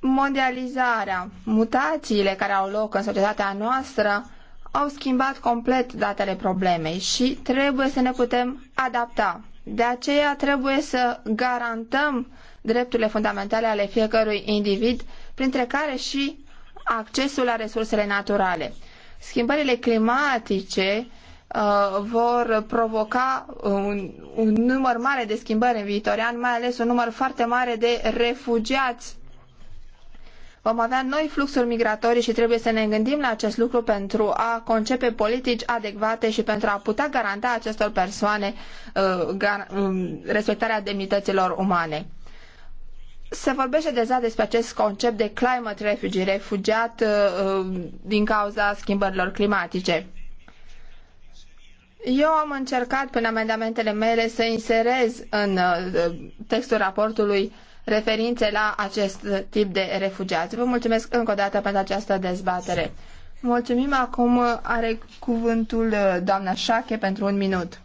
Mondializarea, mutațiile care au loc în societatea noastră au schimbat complet datele problemei și trebuie să ne putem adapta. De aceea trebuie să garantăm drepturile fundamentale ale fiecărui individ, printre care și accesul la resursele naturale. Schimbările climatice uh, vor provoca un, un număr mare de schimbări în viitor ani, mai ales un număr foarte mare de refugiați. Vom avea noi fluxuri migratorii și trebuie să ne gândim la acest lucru pentru a concepe politici adecvate și pentru a putea garanta acestor persoane uh, gar, um, respectarea demnităților umane. Se vorbește deja despre acest concept de climate refugee, refugiat uh, uh, din cauza schimbărilor climatice. Eu am încercat prin amendamentele mele să inserez în uh, textul raportului referințe la acest tip de refugiați. Vă mulțumesc încă o dată pentru această dezbatere. Mulțumim. Acum are cuvântul uh, doamna Șache pentru un minut.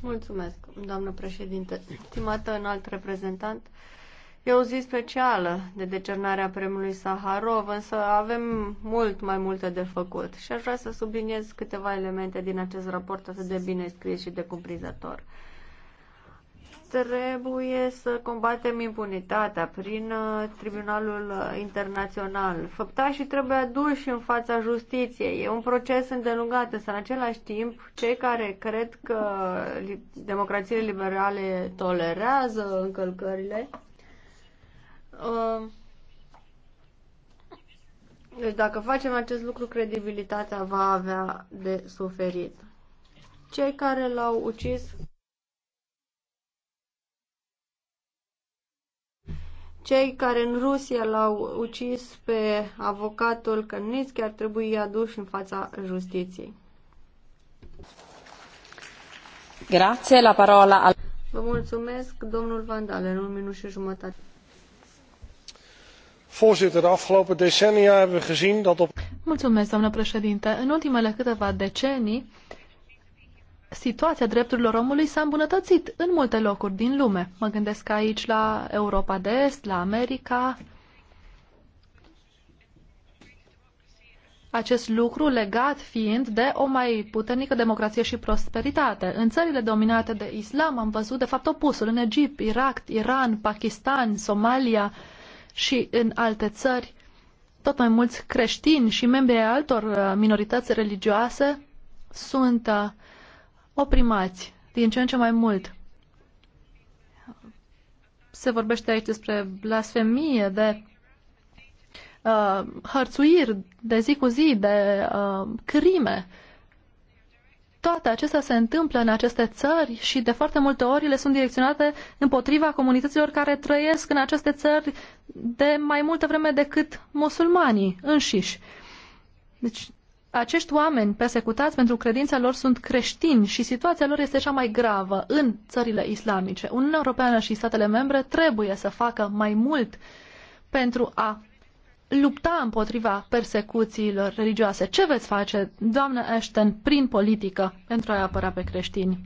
Mulțumesc, doamnă președinte. Stimată înalt reprezentant, E o zi specială de decernarea premiului Saharov, însă avem mult mai multe de făcut și aș vrea să subliniez câteva elemente din acest raport atât de bine scris și de cuprinzător. Trebuie să combatem impunitatea prin uh, Tribunalul Internațional. Făptașii trebuie aduși în fața justiției. E un proces îndelungat, însă în același timp cei care cred că democrațiile liberale tolerează încălcările Uh, deci dacă facem acest lucru, credibilitatea va avea de suferit. Cei care l-au ucis Cei care în Rusia l-au ucis pe avocatul Cărnițchi ar trebui aduși în fața justiției. Grație, la parola al... Vă mulțumesc, domnul Vandale, în un minut și jumătate. Voorzitter, de afgelopen decennia hebben we gezien dat op. Mulțumesc, doamnă președinte. În ultimele câteva decenii, situația drepturilor omului s-a îmbunătățit în multe locuri din lume. Mă gândesc aici la Europa de Est, la America. Acest lucru legat fiind de o mai puternică democrație și prosperitate. În țările dominate de islam am văzut de fapt opusul. În Egipt, Irak, Iran, Pakistan, Somalia, și în alte țări tot mai mulți creștini și membri ai altor uh, minorități religioase sunt uh, oprimați din ce în ce mai mult. Se vorbește aici despre blasfemie, de uh, hărțuiri de zi cu zi, de uh, crime uh, toate acestea se întâmplă în aceste țări și de foarte multe ori le sunt direcționate împotriva comunităților care trăiesc în aceste țări de mai multă vreme decât musulmanii înșiși. Deci acești oameni persecutați pentru credința lor sunt creștini și situația lor este cea mai gravă în țările islamice. Uniunea Europeană și statele membre trebuie să facă mai mult pentru a lupta împotriva persecuțiilor religioase. Ce veți face, doamnă Ashton, prin politică pentru a-i apăra pe creștini?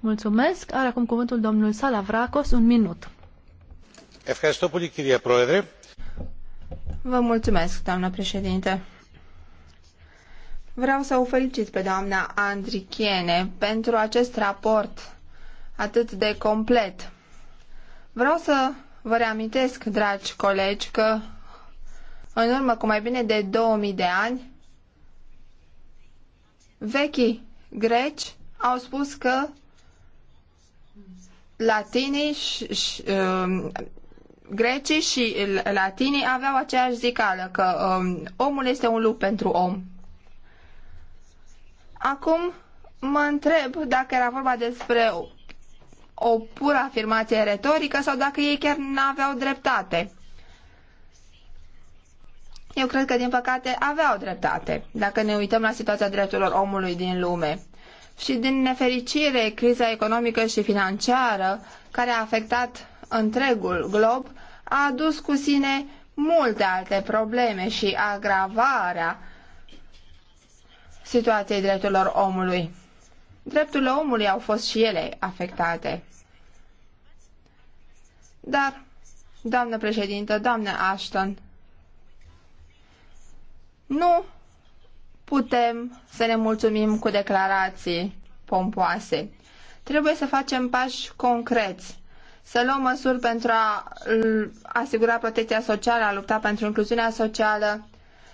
Mulțumesc. Are acum cuvântul domnul Salavracos, un minut. Vă mulțumesc, doamnă președinte. Vreau să o felicit pe doamna Andrichiene pentru acest raport atât de complet. Vreau să vă reamintesc, dragi colegi, că în urmă cu mai bine de 2000 de ani, vechii greci au spus că latinii și, și, uh, grecii și latinii aveau aceeași zicală, că um, omul este un lup pentru om. Acum mă întreb dacă era vorba despre o, o pură afirmație retorică sau dacă ei chiar n-aveau dreptate eu cred că, din păcate, aveau dreptate, dacă ne uităm la situația drepturilor omului din lume. Și, din nefericire, criza economică și financiară, care a afectat întregul glob, a adus cu sine multe alte probleme și agravarea situației drepturilor omului. Drepturile omului au fost și ele afectate. Dar, doamnă președintă, doamnă Ashton, nu putem să ne mulțumim cu declarații pompoase. Trebuie să facem pași concreți, să luăm măsuri pentru a asigura protecția socială, a lupta pentru incluziunea socială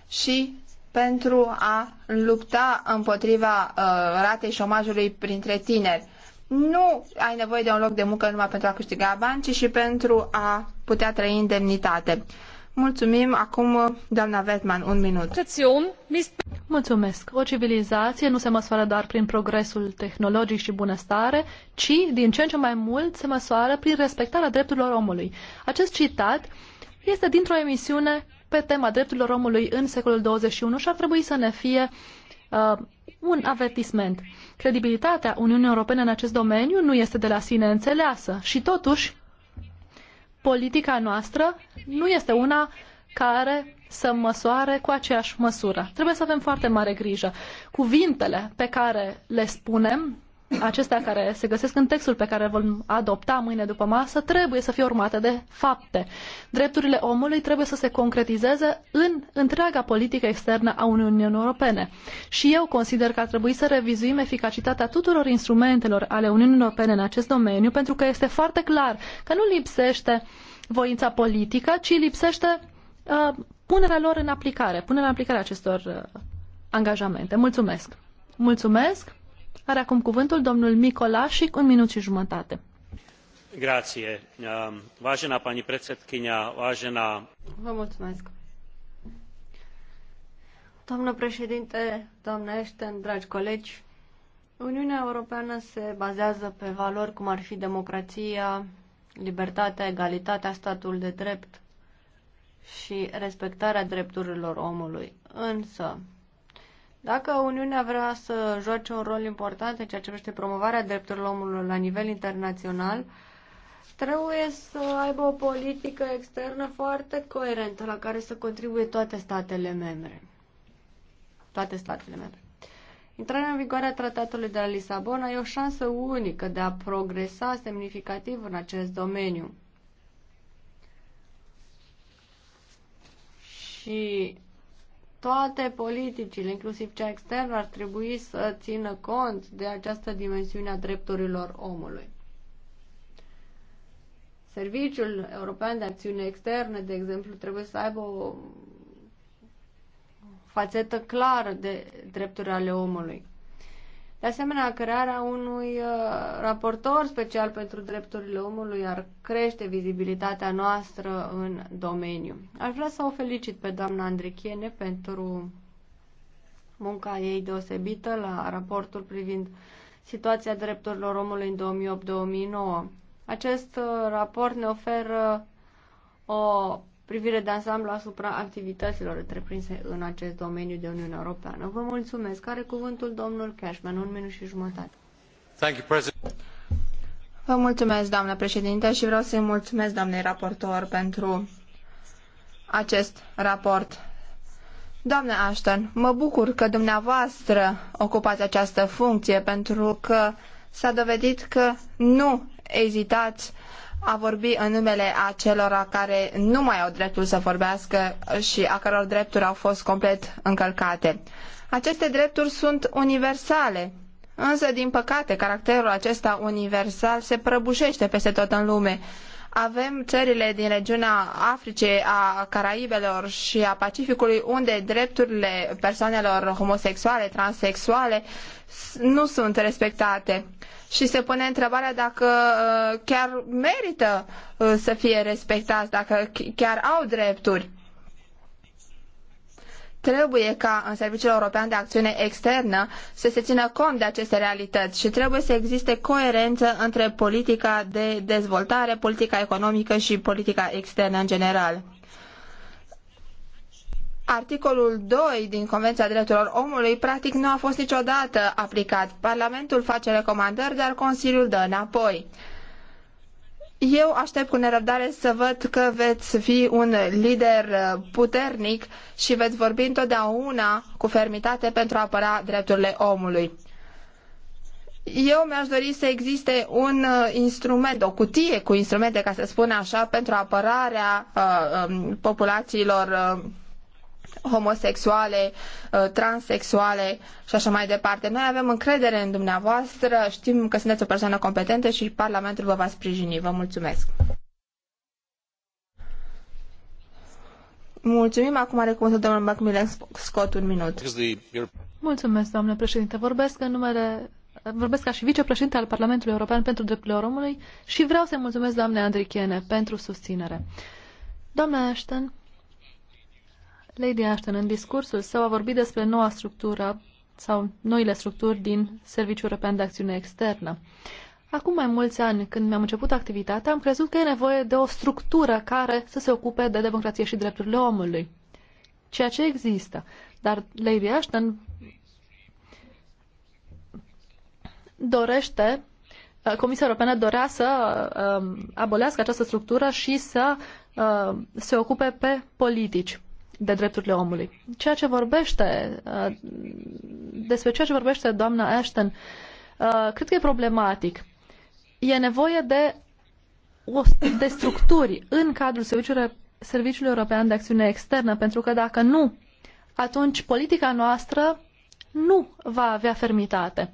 și pentru a lupta împotriva uh, ratei șomajului printre tineri. Nu ai nevoie de un loc de muncă numai pentru a câștiga bani, ci și pentru a putea trăi în demnitate. Mulțumim. Acum, doamna Vetman, un minut. Mulțumesc. O civilizație nu se măsoară doar prin progresul tehnologic și bunăstare, ci, din ce în ce mai mult, se măsoară prin respectarea drepturilor omului. Acest citat este dintr-o emisiune pe tema drepturilor omului în secolul 21 și ar trebui să ne fie uh, un avertisment. Credibilitatea Uniunii Europene în acest domeniu nu este de la sine înțeleasă și totuși politica noastră nu este una care să măsoare cu aceeași măsură. Trebuie să avem foarte mare grijă. Cuvintele pe care le spunem, acestea care se găsesc în textul pe care vom adopta mâine după masă, trebuie să fie urmate de fapte. Drepturile omului trebuie să se concretizeze în întreaga politică externă a Uniunii Europene. Și eu consider că ar trebui să revizuim eficacitatea tuturor instrumentelor ale Uniunii Europene în acest domeniu, pentru că este foarte clar că nu lipsește uh, voința politică, ci lipsește uh, punerea lor în aplicare, punerea în aplicare acestor uh, angajamente. Mulțumesc! Mulțumesc! Are acum cuvântul domnul Micolașic, un minut și jumătate. Grație. Um, vajena, pani prețetchinea, vajena... Vă mulțumesc. Doamnă președinte, doamnă Ashton, dragi colegi, Uniunea Europeană se bazează pe valori cum ar fi democrația, libertatea, egalitatea, statul de drept și respectarea drepturilor omului. Însă, dacă Uniunea vrea să joace un rol important în ceea ce privește promovarea drepturilor omului la nivel internațional, trebuie să aibă o politică externă foarte coerentă la care să contribuie toate statele membre. Toate statele membre. Intrarea în vigoare a tratatului de la Lisabona e o șansă unică de a progresa semnificativ în acest domeniu. Și toate politicile, inclusiv cea externă, ar trebui să țină cont de această dimensiune a drepturilor omului. Serviciul European de Acțiune Externă, de exemplu, trebuie să aibă o fațetă clară de drepturi ale omului. De asemenea, crearea unui uh, raportor special pentru drepturile omului ar crește vizibilitatea noastră în domeniu. Aș vrea să o felicit pe doamna Andrichiene pentru munca ei deosebită la raportul privind situația drepturilor omului în 2008-2009. Acest uh, raport ne oferă o privire de ansamblu asupra activităților întreprinse în acest domeniu de Uniunea Europeană. Vă mulțumesc. Care cuvântul domnul Cashman? Un minut și jumătate. Thank you, President. Vă mulțumesc, doamnă președinte, și vreau să-i mulțumesc, doamnei raportor, pentru acest raport. Doamne Ashton, mă bucur că dumneavoastră ocupați această funcție, pentru că s-a dovedit că nu ezitați uh, a vorbi în numele acelora care nu mai au dreptul să vorbească și a căror drepturi au fost complet încălcate. Aceste drepturi sunt universale, însă, din păcate, caracterul acesta universal se prăbușește peste tot în lume. Avem țările din regiunea Africei, a Caraibelor și a Pacificului, unde drepturile persoanelor homosexuale, transexuale nu sunt respectate și se pune întrebarea dacă uh, chiar merită uh, să fie respectați, dacă chiar au drepturi. Trebuie ca în Serviciul European de Acțiune Externă să se țină cont de aceste realități și trebuie să existe coerență între politica de dezvoltare, politica economică și politica externă în general. Articolul 2 din Convenția Drepturilor Omului practic nu a fost niciodată aplicat. Parlamentul face recomandări, dar Consiliul dă înapoi. Eu aștept cu nerăbdare să văd că veți fi un lider puternic și veți vorbi întotdeauna cu fermitate pentru a apăra drepturile omului. Eu mi-aș dori să existe un uh, instrument, o cutie cu instrumente, ca să spun așa, pentru apărarea uh, um, populațiilor uh, homosexuale, uh, transexuale și așa mai departe. Noi avem încredere în dumneavoastră, știm că sunteți o persoană competentă și Parlamentul vă va sprijini. Vă mulțumesc! Mulțumim, acum are cuvântul domnul Macmillan Scott un minut. Mulțumesc, doamnă președinte. Vorbesc în numele vorbesc ca și vicepreședinte al Parlamentului European pentru drepturile omului și vreau să-i mulțumesc doamnei Andrichiene pentru susținere. Doamna Ashton, Lady Ashton, în discursul său, a vorbit despre noua structură sau noile structuri din Serviciul European de Acțiune Externă. Acum mai mulți ani, când mi-am început activitatea, am crezut că e nevoie de o structură care să se ocupe de democrație și drepturile omului. Ceea ce există. Dar Lady Ashton dorește, Comisia Europeană dorea să um, abolească această structură și să uh, se ocupe pe politici de drepturile omului. Ceea ce vorbește, uh, despre ceea ce vorbește doamna Ashton, uh, cred că e problematic. E nevoie de, o, de structuri în cadrul serviciului, serviciului European de Acțiune Externă, pentru că dacă nu, atunci politica noastră nu va avea fermitate.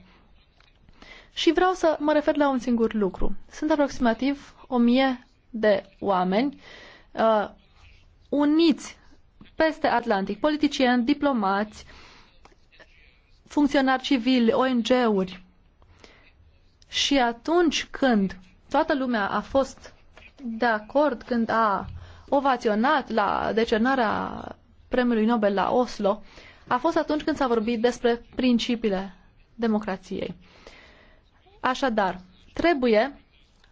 Și vreau să mă refer la un singur lucru. Sunt aproximativ o mie de oameni uh, uniți peste Atlantic, politicieni, diplomați, funcționari civili, ONG-uri. Și atunci când toată lumea a fost de acord, când a ovaționat la decernarea premiului Nobel la Oslo, a fost atunci când s-a vorbit despre principiile democrației. Așadar, trebuie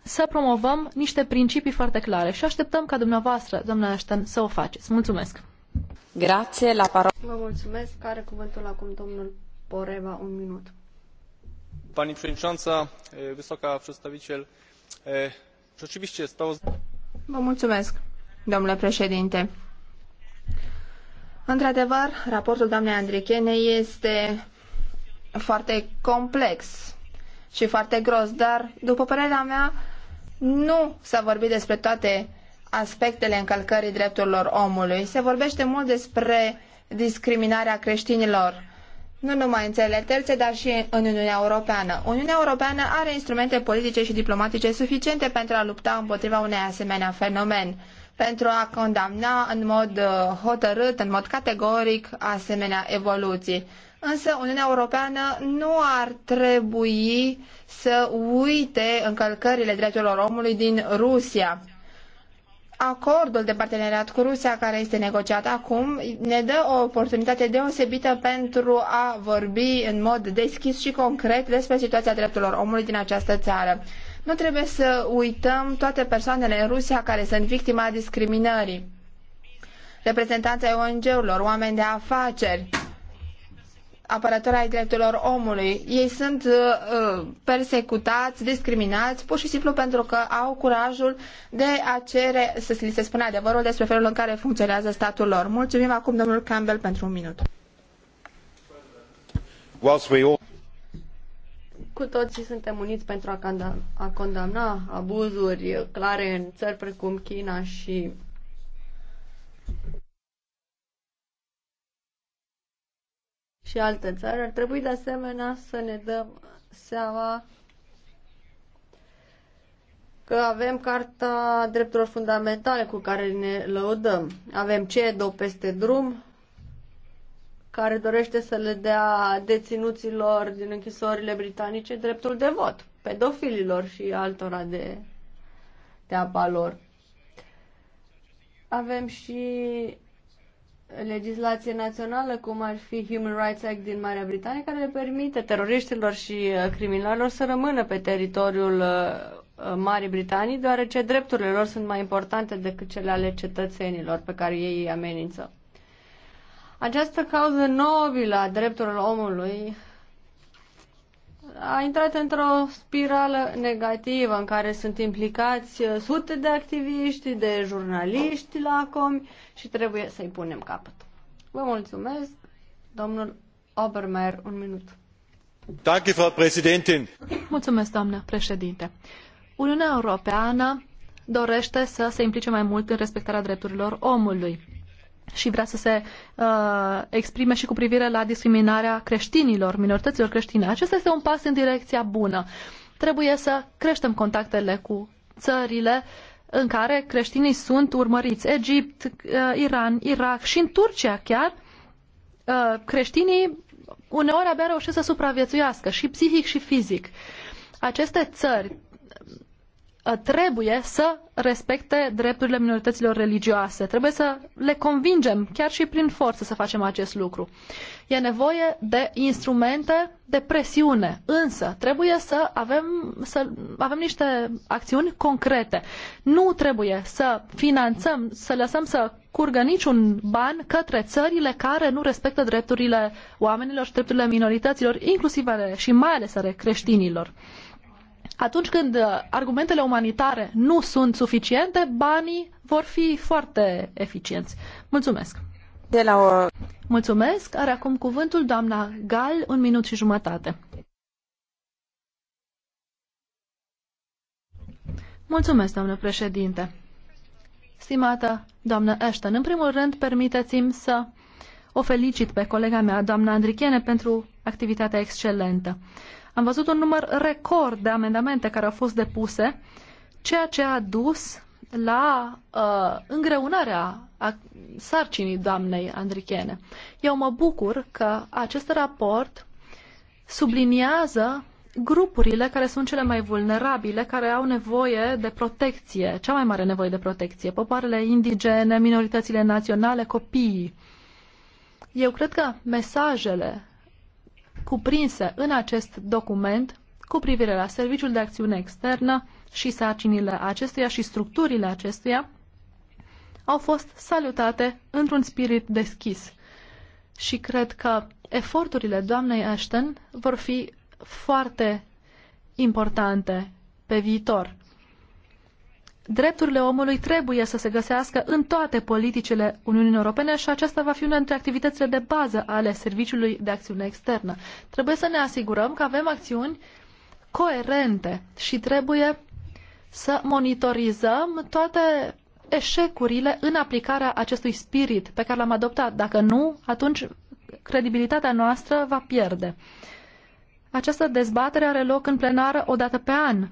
să promovăm niște principii foarte clare și așteptăm ca dumneavoastră, domnule Ashton, să o faceți. Mulțumesc! Grație la parola. Vă mulțumesc. Care cuvântul acum domnul Poreva, un minut. Pani Przewodnicząca, Wysoka Przedstawiciel, rzeczywiście sprawozdanie... Vă mulțumesc, domnule președinte. Într-adevăr, raportul doamnei Andrichene este foarte complex și foarte gros, dar, după părerea mea, nu s-a vorbit despre toate aspectele încălcării drepturilor omului. Se vorbește mult despre discriminarea creștinilor, nu numai în țările terțe, dar și în Uniunea Europeană. Uniunea Europeană are instrumente politice și diplomatice suficiente pentru a lupta împotriva unei asemenea fenomen, pentru a condamna în mod uh, hotărât, în mod categoric, asemenea evoluții. Însă Uniunea Europeană nu ar trebui să uite încălcările drepturilor omului din Rusia Acordul de parteneriat cu Rusia care este negociat acum ne dă o oportunitate deosebită pentru a vorbi în mod deschis și concret despre situația drepturilor omului din această țară. Nu trebuie să uităm toate persoanele în Rusia care sunt victima discriminării. Reprezentanța ONG-urilor, oameni de afaceri, apărători ai drepturilor omului. Ei sunt uh, uh, persecutați, discriminați, pur și simplu pentru că au curajul de a cere să li se spună adevărul despre felul în care funcționează statul lor. Mulțumim acum domnul Campbell pentru un minut. Cu toții suntem uniți pentru a, condamna abuzuri clare în țări precum China și și alte țări, ar trebui de asemenea să ne dăm seama că avem Carta Drepturilor Fundamentale cu care ne lăudăm. Avem CEDO peste drum, care dorește să le dea deținuților din închisorile britanice dreptul de vot, pedofililor și altora de, de apa lor. Avem și legislație națională, cum ar fi Human Rights Act din Marea Britanie, care le permite teroriștilor și uh, criminalilor să rămână pe teritoriul uh, uh, Marii Britanii, deoarece drepturile lor sunt mai importante decât cele ale cetățenilor pe care ei îi amenință. Această cauză nobilă a drepturilor omului a intrat într-o spirală negativă în care sunt implicați uh, sute de activiști, de jurnaliști la ACOM și trebuie să-i punem capăt. Vă mulțumesc, domnul Obermeier, un minut. Danke, Frau Präsidentin. Mulțumesc, doamnă președinte. Uniunea Europeană dorește să se implice mai mult în respectarea drepturilor omului și vrea să se uh, exprime și cu privire la discriminarea creștinilor, minorităților creștine. Acesta este un pas în direcția bună. Trebuie să creștem contactele cu țările în care creștinii sunt urmăriți. Egipt, uh, Iran, Irak și în Turcia chiar uh, creștinii uneori abia reușesc să supraviețuiască și psihic și fizic. Aceste țări Uh, trebuie să respecte drepturile minorităților religioase. Trebuie să le convingem, chiar și prin forță, să facem acest lucru. E nevoie de instrumente de presiune, însă trebuie să avem, să avem niște acțiuni concrete. Nu trebuie să finanțăm, să lăsăm să curgă niciun ban către țările care nu respectă drepturile oamenilor și drepturile minorităților, inclusiv ale și mai ales ale creștinilor atunci când uh, argumentele umanitare nu sunt suficiente, banii vor fi foarte eficienți. Mulțumesc! De la o... Mulțumesc! Are acum cuvântul doamna Gal, un minut și jumătate. Mulțumesc, doamnă președinte! Stimată doamnă Ashton, în primul rând, permiteți-mi să o felicit pe colega mea, doamna Andrichene, pentru activitatea excelentă. Am văzut un număr record de amendamente care au fost depuse, ceea ce a dus la uh, îngreunarea a sarcinii doamnei Andrichene. Eu mă bucur că acest raport subliniază grupurile care sunt cele mai vulnerabile, care au nevoie de protecție, cea mai mare nevoie de protecție, popoarele indigene, minoritățile naționale, copiii. Eu cred că mesajele cuprinse în acest document cu privire la Serviciul de Acțiune Externă și sarcinile acestuia și structurile acestuia au fost salutate într-un spirit deschis. Și cred că eforturile doamnei Ashton vor fi foarte importante pe viitor drepturile omului trebuie să se găsească în toate politicile Uniunii Europene și aceasta va fi una dintre activitățile de bază ale Serviciului de Acțiune Externă. Trebuie să ne asigurăm că avem acțiuni coerente și trebuie să monitorizăm toate eșecurile în aplicarea acestui spirit pe care l-am adoptat. Dacă nu, atunci credibilitatea noastră va pierde. Această dezbatere are loc în plenară o dată pe an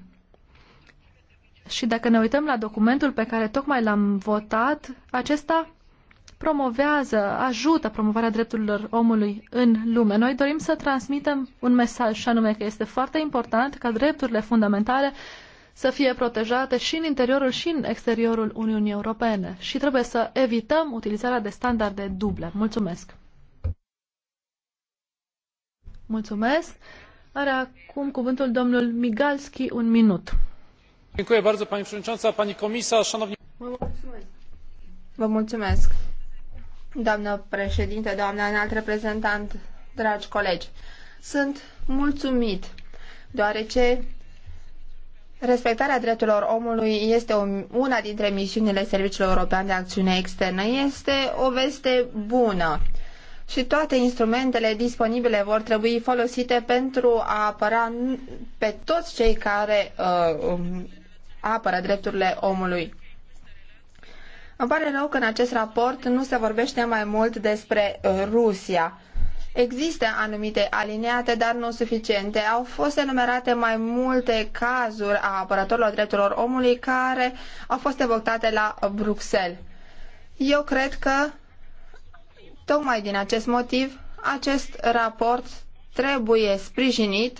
și dacă ne uităm la documentul pe care tocmai l-am votat, acesta promovează, ajută promovarea drepturilor omului în lume. Noi dorim să transmitem un mesaj și anume că este foarte important ca drepturile fundamentale să fie protejate și în interiorul și în exteriorul Uniunii Europene și trebuie să evităm utilizarea de standarde duble. Mulțumesc! Mulțumesc! Are acum cuvântul domnul Migalski un minut. Vă mulțumesc. Doamnă președinte, doamnă înalt reprezentant, dragi colegi, sunt mulțumit deoarece Respectarea drepturilor omului este una dintre misiunile Serviciului European de Acțiune Externă. Este o veste bună și toate instrumentele disponibile vor trebui folosite pentru a apăra pe toți cei care uh, apără drepturile omului. Îmi pare rău că în acest raport nu se vorbește mai mult despre uh, Rusia. Există anumite alineate, dar nu suficiente. Au fost enumerate mai multe cazuri a apărătorilor drepturilor omului care au fost evocate la uh, Bruxelles. Eu cred că, tocmai din acest motiv, acest raport trebuie sprijinit,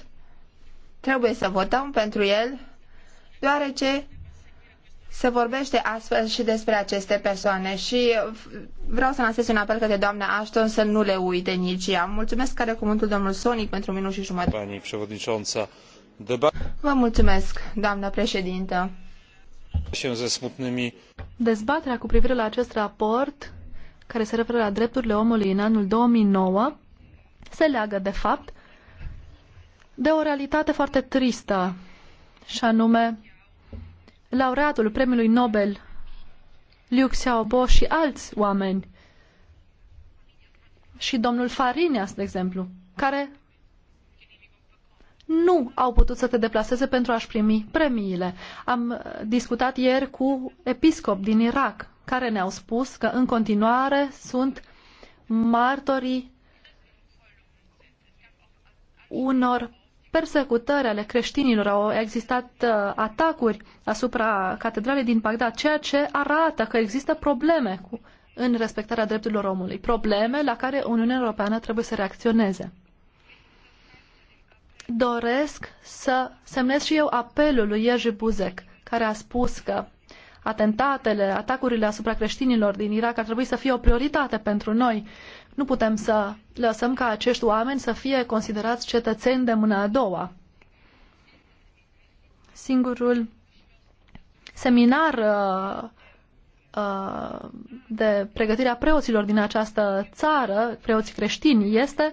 trebuie să votăm pentru el deoarece se vorbește astfel și despre aceste persoane și vreau să lansez un apel către doamna Ashton să nu le uite nici ea. Mulțumesc care cuvântul domnul Sonic pentru minut și jumătate. Vă mulțumesc, doamnă președintă. Dezbaterea cu privire la acest raport, care se referă la drepturile omului în anul 2009, se leagă, de fapt, de o realitate foarte tristă, și anume laureatul premiului Nobel Liu Xiaobo și alți oameni și domnul Farinias, de exemplu, care nu au putut să se deplaseze pentru a-și primi premiile. Am uh, discutat ieri cu episcop din Irak, care ne-au spus că în continuare sunt martorii unor persecutări ale creștinilor, au existat uh, atacuri asupra catedralei din Bagdad, ceea ce arată că există probleme cu, în respectarea drepturilor omului, probleme la care Uniunea Europeană trebuie să reacționeze. Doresc să semnez și eu apelul lui Ierzy Buzek, care a spus că atentatele, atacurile asupra creștinilor din Irak ar trebui să fie o prioritate pentru noi nu putem să lăsăm ca acești oameni să fie considerați cetățeni de mâna a doua. Singurul seminar uh, uh, de pregătire a preoților din această țară, preoții creștini, este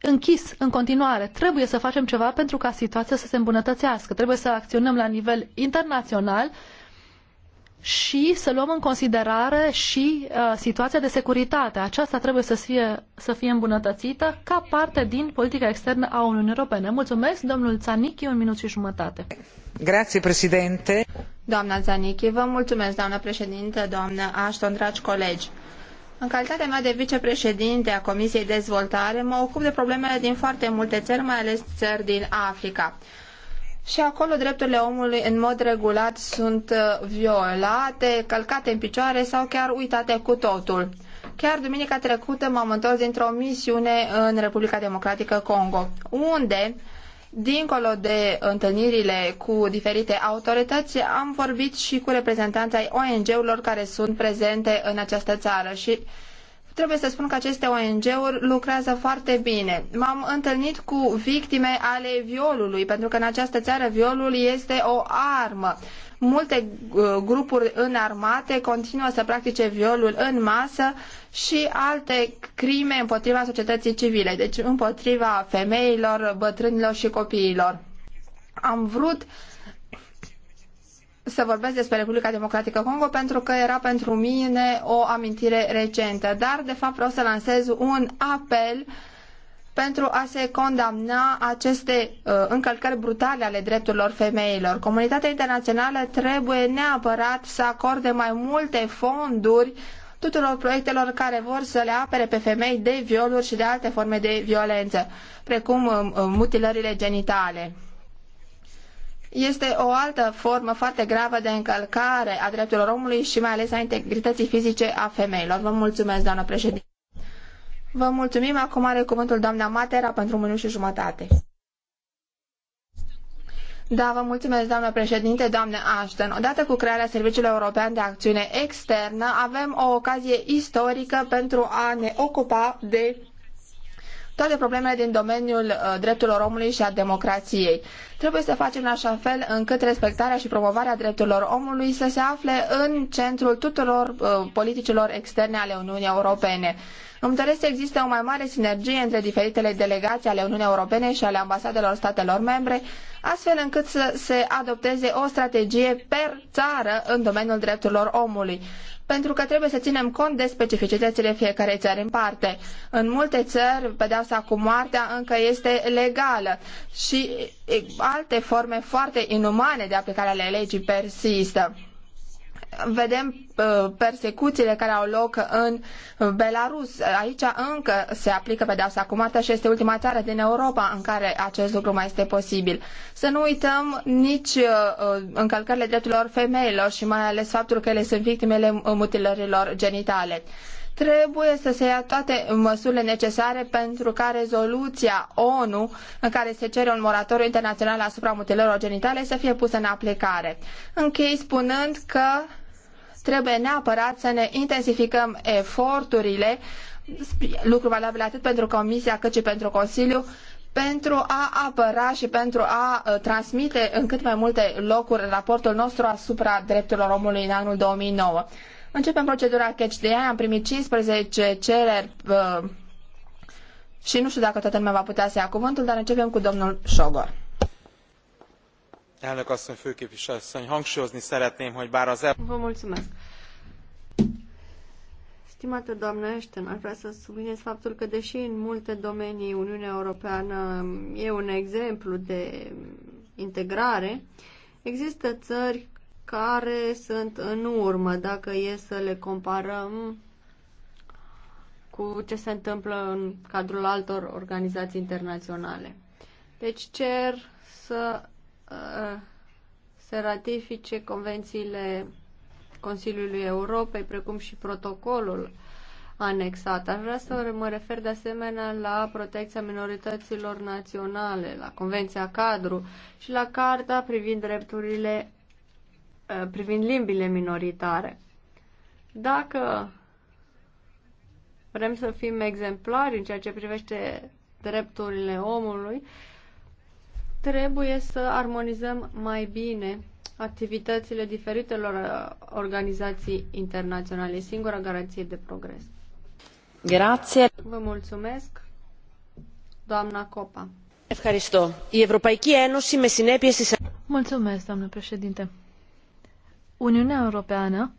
închis în continuare. Trebuie să facem ceva pentru ca situația să se îmbunătățească. Trebuie să acționăm la nivel internațional și să luăm în considerare și uh, situația de securitate. Aceasta trebuie să fie, să fie îmbunătățită ca parte din politica externă a Uniunii Europene. Mulțumesc, domnul Țanichi, un minut și jumătate. Grazie, președinte. Doamna Țanichi, vă mulțumesc, doamnă președinte, doamnă Ashton, dragi colegi. În calitatea mea de vicepreședinte a Comisiei Dezvoltare, mă ocup de problemele din foarte multe țări, mai ales țări din Africa și acolo drepturile omului în mod regulat sunt uh, violate, călcate în picioare sau chiar uitate cu totul. Chiar duminica trecută m-am întors dintr-o misiune în Republica Democratică Congo, unde, dincolo de întâlnirile cu diferite autorități, am vorbit și cu reprezentanții ONG-urilor care sunt prezente în această țară și Trebuie să spun că aceste ONG-uri lucrează foarte bine. M-am întâlnit cu victime ale violului, pentru că în această țară violul este o armă. Multe uh, grupuri înarmate continuă să practice violul în masă și alte crime împotriva societății civile, deci împotriva femeilor, bătrânilor și copiilor. Am vrut să vorbesc despre Republica Democratică Congo pentru că era pentru mine o amintire recentă, dar de fapt vreau să lansez un apel pentru a se condamna aceste uh, încălcări brutale ale drepturilor femeilor. Comunitatea internațională trebuie neapărat să acorde mai multe fonduri tuturor proiectelor care vor să le apere pe femei de violuri și de alte forme de violență, precum uh, mutilările genitale este o altă formă foarte gravă de încălcare a drepturilor omului și mai ales a integrității fizice a femeilor. Vă mulțumesc, doamnă președinte. Vă mulțumim. Acum are cuvântul doamna Matera pentru minut și jumătate. Da, vă mulțumesc, doamnă președinte, doamnă Ashton. Odată cu crearea Serviciului European de Acțiune Externă, avem o ocazie istorică pentru a ne ocupa de toate problemele din domeniul uh, drepturilor omului și a democrației. Trebuie să facem în așa fel încât respectarea și promovarea drepturilor omului să se afle în centrul tuturor uh, politicilor externe ale Uniunii Europene. Îmi doresc să existe o mai mare sinergie între diferitele delegații ale Uniunii Europene și ale ambasadelor statelor membre, astfel încât să se adopteze o strategie per țară în domeniul drepturilor omului pentru că trebuie să ținem cont de specificitățile fiecarei țări în parte. În multe țări, pedeapsa cu moartea încă este legală și alte forme foarte inumane de aplicare ale legii persistă. Vedem uh, persecuțiile care au loc în Belarus. Aici încă se aplică pedeapsa cu moartea și este ultima țară din Europa în care acest lucru mai este posibil. Să nu uităm nici uh, uh, încălcările drepturilor femeilor și mai ales faptul că ele sunt victimele mutilărilor genitale trebuie să se ia toate măsurile necesare pentru ca rezoluția ONU în care se cere un moratoriu internațional asupra mutilărilor genitale să fie pusă în aplicare. Închei spunând că trebuie neapărat să ne intensificăm eforturile, lucru valabil atât pentru Comisia cât și pentru Consiliu, pentru a apăra și pentru a ă, transmite în cât mai multe locuri raportul nostru asupra drepturilor omului în anul 2009. Începem procedura catch de aia. Am primit 15 cereri uh, și nu știu dacă toată lumea va putea să ia cuvântul, dar începem cu domnul Sogor. Elnök asszony, főképviselő asszony, hangsúlyozni szeretném, hogy bár az... Vă mulțumesc. Stimată doamnă Ashton, aș vrea să subliniez faptul că, deși în multe domenii Uniunea Europeană e un exemplu de integrare, există țări care sunt în urmă, dacă e să le comparăm cu ce se întâmplă în cadrul altor organizații internaționale. Deci cer să uh, se ratifice convențiile Consiliului Europei, precum și protocolul anexat. Aș vrea să mă refer de asemenea la protecția minorităților naționale, la Convenția Cadru și la Carta privind drepturile Uh, privind limbile minoritare. Dacă vrem să fim exemplari în ceea ce privește drepturile omului, trebuie să armonizăm mai bine activitățile diferitelor uh, organizații internaționale. singura garanție de progres. Grație. Vă mulțumesc. Doamna Copa. Mulțumesc, doamnă președinte. Uniunea Europeană,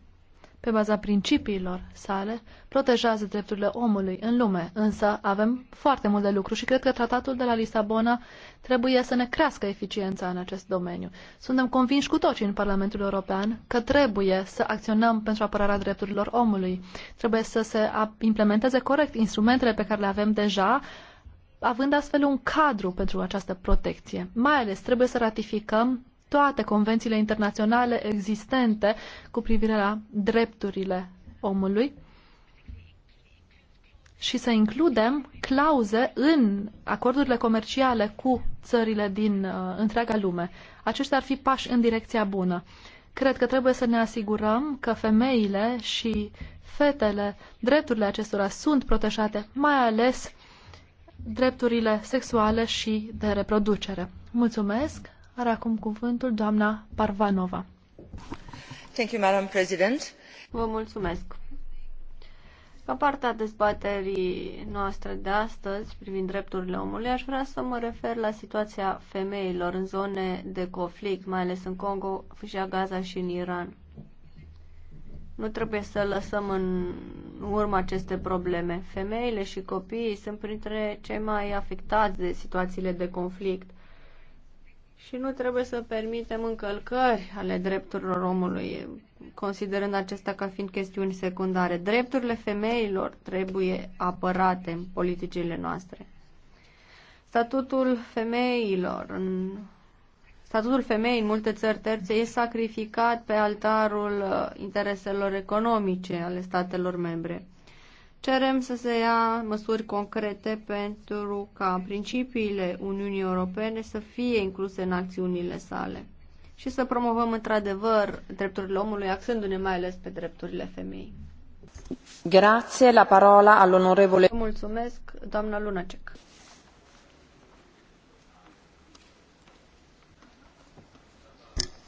pe baza principiilor sale, protejează drepturile omului în lume, însă avem foarte mult de lucru și cred că tratatul de la Lisabona trebuie să ne crească eficiența în acest domeniu. Suntem convinși cu toții în Parlamentul European că trebuie să acționăm pentru apărarea drepturilor omului. Trebuie să se implementeze corect instrumentele pe care le avem deja, având astfel un cadru pentru această protecție. Mai ales trebuie să ratificăm toate convențiile internaționale existente cu privire la drepturile omului și să includem clauze în acordurile comerciale cu țările din uh, întreaga lume. Aceștia ar fi pași în direcția bună. Cred că trebuie să ne asigurăm că femeile și fetele, drepturile acestora sunt protejate, mai ales drepturile sexuale și de reproducere. Mulțumesc! Are acum cuvântul doamna Parvanova. Thank you, Madam President. Vă mulțumesc. Ca partea dezbaterii noastre de astăzi privind drepturile omului, aș vrea să mă refer la situația femeilor în zone de conflict, mai ales în Congo, Fâșia Gaza și în Iran. Nu trebuie să lăsăm în urmă aceste probleme. Femeile și copiii sunt printre cei mai afectați de situațiile de conflict și nu trebuie să permitem încălcări ale drepturilor omului, considerând acestea ca fiind chestiuni secundare. Drepturile femeilor trebuie apărate în politicile noastre. Statutul femeilor în Statutul femei în multe țări terțe e sacrificat pe altarul uh, intereselor economice ale statelor membre. Cerem să se ia măsuri concrete pentru ca principiile Uniunii Europene să fie incluse în acțiunile sale și să promovăm într-adevăr drepturile omului, axându-ne mai ales pe drepturile femeii. Grazie, la parola all'onorevole. Mulțumesc, doamna Lunacek.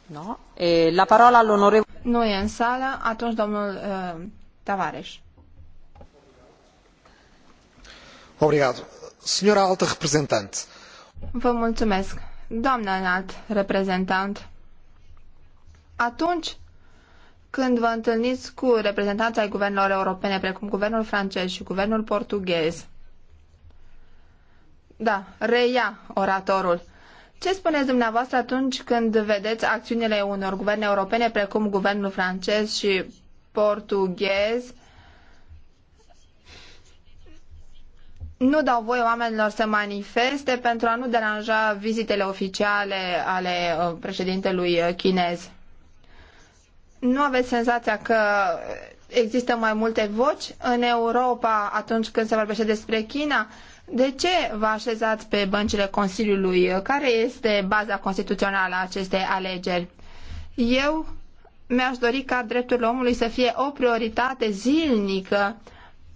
No, e, eh, la parola all'onorevole. Noi în sală, atunci domnul uh, Tavares. Signora reprezentant. Vă mulțumesc. Doamna înalt reprezentant, atunci când vă întâlniți cu reprezentanța ai guvernelor europene, precum guvernul francez și guvernul portughez, da, reia oratorul. Ce spuneți dumneavoastră atunci când vedeți acțiunile unor guverne europene, precum guvernul francez și portughez, nu dau voie oamenilor să manifeste pentru a nu deranja vizitele oficiale ale uh, președintelui chinez. Nu aveți senzația că există mai multe voci în Europa atunci când se vorbește despre China? De ce vă așezați pe băncile Consiliului? Care este baza constituțională a acestei alegeri? Eu mi-aș dori ca drepturile omului să fie o prioritate zilnică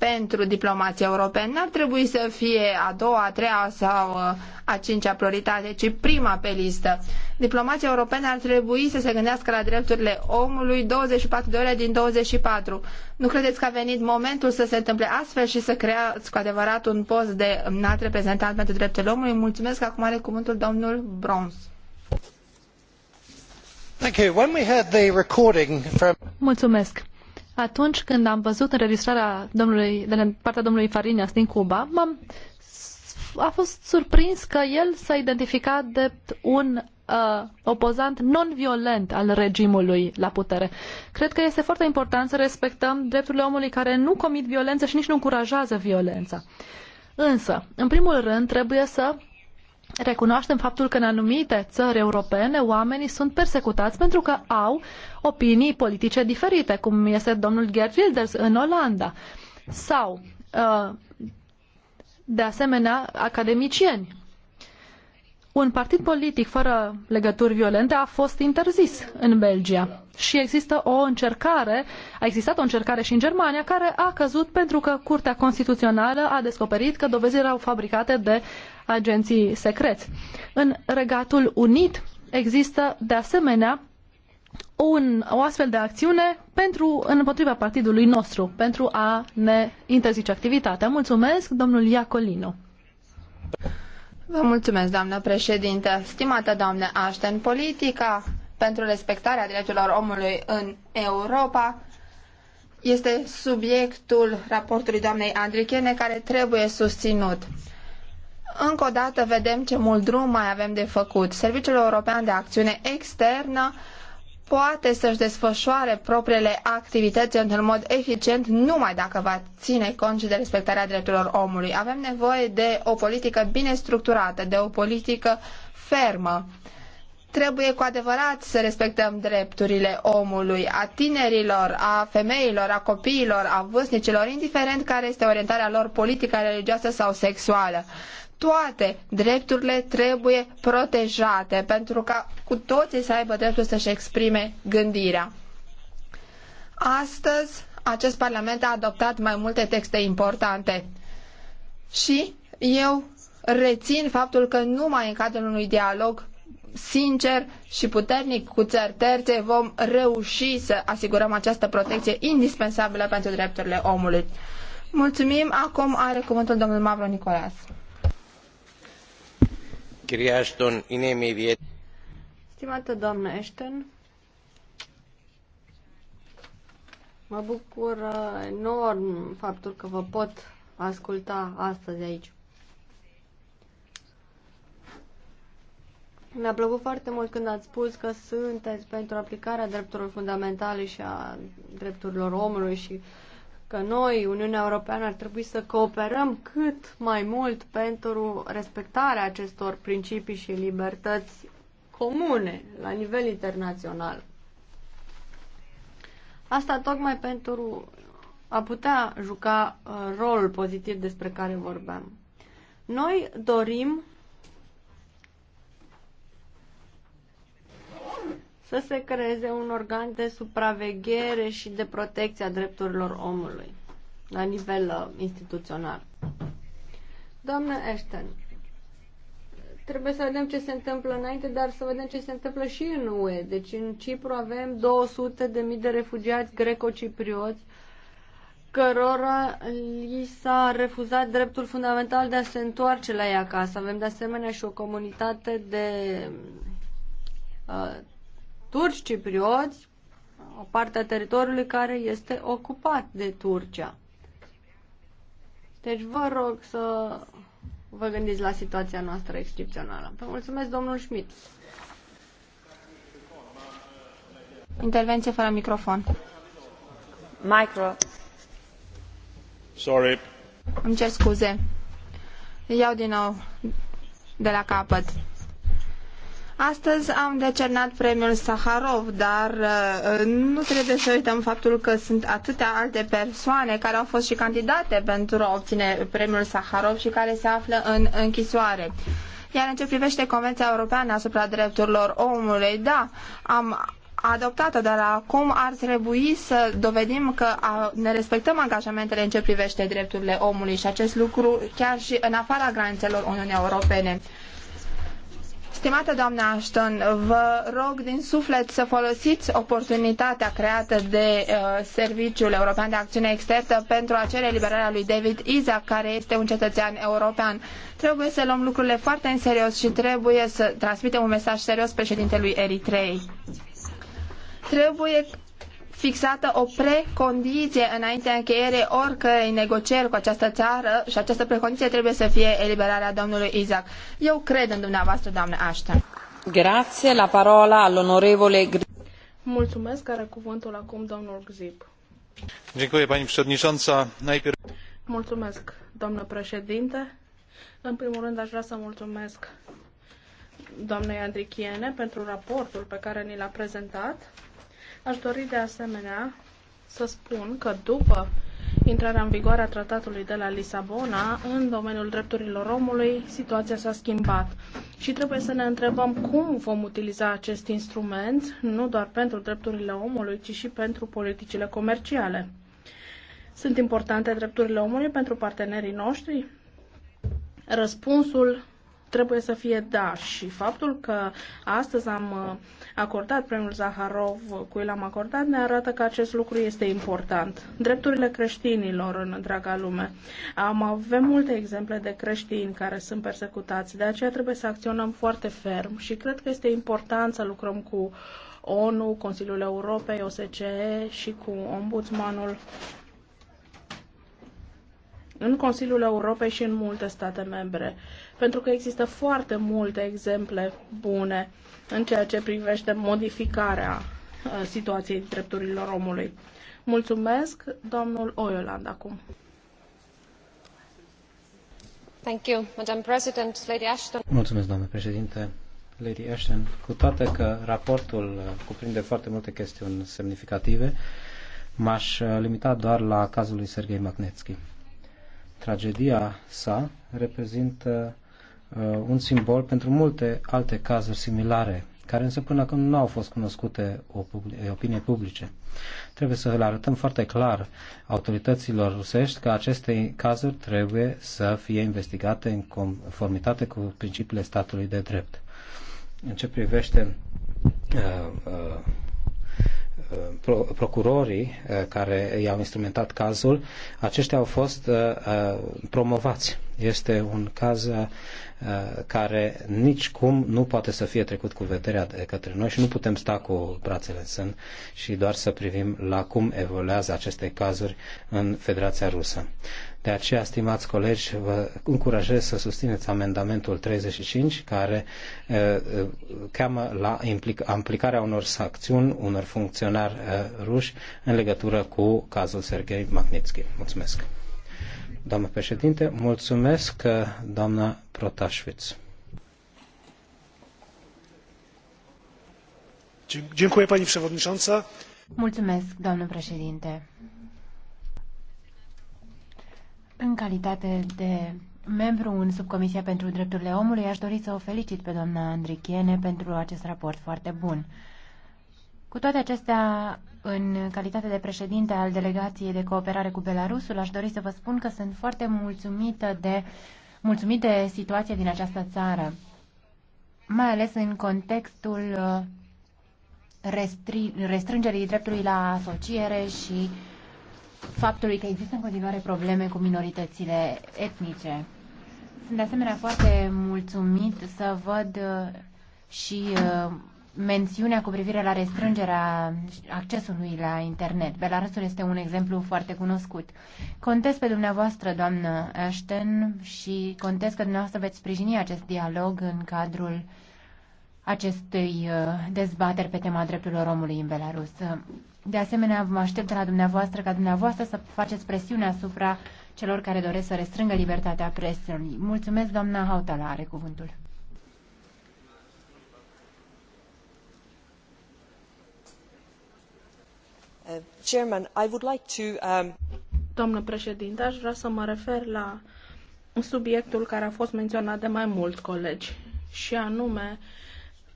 pentru diplomația europeană n-ar trebui să fie a doua, a treia sau uh, a cincea prioritate, ci prima pe listă. Diplomația europeană ar trebui să se gândească la drepturile omului 24 de ore din 24. Nu credeți că a venit momentul să se întâmple astfel și să creați cu adevărat un post de înalt reprezentant pentru drepturile omului? Mulțumesc că acum are cuvântul domnul Brons. Mulțumesc atunci când am văzut înregistrarea domnului, de partea domnului Farinas din Cuba, m-am, a fost surprins că el s-a identificat de un uh, opozant non-violent al regimului la putere. Cred că este foarte important să respectăm drepturile omului care nu comit violență și nici nu încurajează violența. Însă, în primul rând, trebuie să recunoaștem faptul că în anumite țări europene oamenii sunt persecutați pentru că au opinii politice diferite, cum este domnul Gerd Wilders în Olanda. Sau, uh, de asemenea, academicieni. Un partid politic fără legături violente a fost interzis în Belgia și există o încercare, a existat o încercare și în Germania care a căzut pentru că Curtea Constituțională a descoperit că dovezile erau fabricate de agenții secreți. În Regatul Unit există de asemenea un, o astfel de acțiune pentru împotriva partidului nostru, pentru a ne interzice activitatea. Mulțumesc, domnul Iacolino. Vă mulțumesc, doamnă președinte, Stimată doamnă Ashton, politica pentru respectarea drepturilor omului în Europa este subiectul raportului doamnei Andrichene care trebuie susținut. Încă o dată vedem ce mult drum mai avem de făcut. Serviciul European de Acțiune Externă poate să-și desfășoare propriile activități într-un mod eficient numai dacă va ține cont și de respectarea drepturilor omului. Avem nevoie de o politică bine structurată, de o politică fermă. Trebuie cu adevărat să respectăm drepturile omului, a tinerilor, a femeilor, a copiilor, a vârstnicilor, indiferent care este orientarea lor politică, religioasă sau sexuală toate drepturile trebuie protejate pentru ca cu toții să aibă dreptul să-și exprime gândirea. Astăzi, acest Parlament a adoptat mai multe texte importante și eu rețin faptul că numai în cadrul unui dialog sincer și puternic cu țări terțe vom reuși să asigurăm această protecție indispensabilă pentru drepturile omului. Mulțumim. Acum are cuvântul domnul Mavro Nicolas mă bucur uh, enorm faptul că vă pot asculta astăzi aici. Mi-a plăcut foarte mult când ați spus că sunteți pentru aplicarea drepturilor fundamentale și a drepturilor omului și uh, că noi, Uniunea Europeană, ar trebui să cooperăm cât mai mult pentru respectarea acestor principii și libertăți comune la nivel internațional. Asta tocmai pentru a putea juca uh, rolul pozitiv despre care vorbeam. Noi dorim să se creeze un organ de supraveghere și de protecție a drepturilor omului la nivel uh, instituțional. Doamnă Ashton, trebuie să vedem ce se întâmplă înainte, dar să vedem ce se întâmplă și în UE. Deci în Cipru avem 200 de mii de refugiați greco-ciprioți cărora li s-a refuzat dreptul fundamental de a se întoarce la ei acasă. Avem de asemenea și o comunitate de uh, turci ciprioți, o parte a teritoriului care este ocupat de Turcia. Deci vă rog să vă gândiți la situația noastră excepțională. Vă mulțumesc, domnul Schmidt. Intervenție fără microfon. Micro. Sorry. Îmi cer scuze. Iau din nou de la capăt. Astăzi am decernat premiul Saharov, dar uh, nu trebuie să uităm faptul că sunt atâtea alte persoane care au fost și candidate pentru a obține premiul Saharov și care se află în închisoare. Iar în ce privește Convenția Europeană asupra drepturilor omului, da, am adoptată, dar acum ar trebui să dovedim că ne respectăm angajamentele în ce privește drepturile omului și acest lucru chiar și în afara granițelor Uniunii Europene. Stimată doamna Ashton, vă rog din suflet să folosiți oportunitatea creată de uh, Serviciul European de Acțiune Externă pentru a cere eliberarea lui David Isaac, care este un cetățean european. Trebuie să luăm lucrurile foarte în serios și trebuie să transmitem un mesaj serios președintelui Eritrei. Trebuie fixată o precondiție înaintea încheierei oricărei negocieri cu această țară și această precondiție trebuie să fie eliberarea domnului Isaac. Eu cred în dumneavoastră, doamnă Ashton. Grazie, la parola all'onorevole Mulțumesc, are cuvântul acum domnul Gzip. Dziękuję, pani przewodnicząca. Najpierw... Mulțumesc, doamnă președinte. În primul rând aș vrea să mulțumesc doamnei Andrichiene pentru raportul pe care ni l-a prezentat Aș dori de asemenea să spun că după intrarea în vigoare a tratatului de la Lisabona, în domeniul drepturilor omului, situația s-a schimbat. Și trebuie să ne întrebăm cum vom utiliza acest instrument, nu doar pentru drepturile omului, ci și pentru politicile comerciale. Sunt importante drepturile omului pentru partenerii noștri? Răspunsul trebuie să fie da și faptul că astăzi am uh, acordat premiul Zaharov, cui l-am acordat, ne arată că acest lucru este important. Drepturile creștinilor în întreaga lume. Am, avem multe exemple de creștini care sunt persecutați, de aceea trebuie să acționăm foarte ferm și cred că este important să lucrăm cu ONU, Consiliul Europei, OSCE și cu ombudsmanul în Consiliul Europei și în multe state membre, pentru că există foarte multe exemple bune în ceea ce privește modificarea uh, situației drepturilor omului. Mulțumesc, domnul Oioland, acum. Thank you, Madam President, Lady Ashton. Mulțumesc, doamnă președinte. Lady Ashton, cu toate că raportul uh, cuprinde foarte multe chestiuni semnificative, m-aș uh, limita doar la cazul lui Sergei Magnetsky. Tragedia sa reprezintă Uh, un simbol pentru multe alte cazuri similare, care însă până acum nu au fost cunoscute opinie publice. Trebuie să le arătăm foarte clar autorităților rusești că aceste cazuri trebuie să fie investigate în conformitate cu principiile statului de drept. În ce privește uh, uh, uh procurorii uh, care i-au instrumentat cazul, aceștia au fost promovați este un caz uh, care nici cum nu poate să fie trecut cu vederea de către noi și nu putem sta cu brațele în sân și doar să privim la cum evoluează aceste cazuri în Federația Rusă. De aceea, stimați colegi, vă încurajez să susțineți amendamentul 35 care eh, cheamă la implicarea unor sancțiuni unor funcționari ruși în legătură cu cazul Sergei Magnitsky. Mulțumesc! Doamnă președinte, mulțumesc, doamna Protașviț. Dziękuję pani przewodnicząca. Mulțumesc, doamnă președinte. În calitate de membru în subcomisia pentru drepturile omului, aș dori să o felicit pe doamna Andrichiene pentru acest raport foarte bun. Cu toate acestea, în calitate de președinte al Delegației de Cooperare cu Belarusul, aș dori să vă spun că sunt foarte mulțumită de, mulțumit de situația din această țară, mai ales în contextul uh, restri, restrângerii dreptului la asociere și faptului că există în continuare probleme cu minoritățile etnice. Sunt de asemenea foarte mulțumit să văd uh, și uh, mențiunea cu privire la restrângerea accesului la internet. Belarusul este un exemplu foarte cunoscut. Contez pe dumneavoastră, doamnă Ashton, și contez că dumneavoastră veți sprijini acest dialog în cadrul acestei uh, dezbateri pe tema drepturilor omului în Belarus. De asemenea, mă aștept de la dumneavoastră ca dumneavoastră să faceți presiune asupra celor care doresc să restrângă libertatea presiunii. Mulțumesc, doamna Hautala, are cuvântul. Uh, um, Doamnă președinte, aș vrea să mă refer la subiectul care a fost menționat de mai mulți colegi, și anume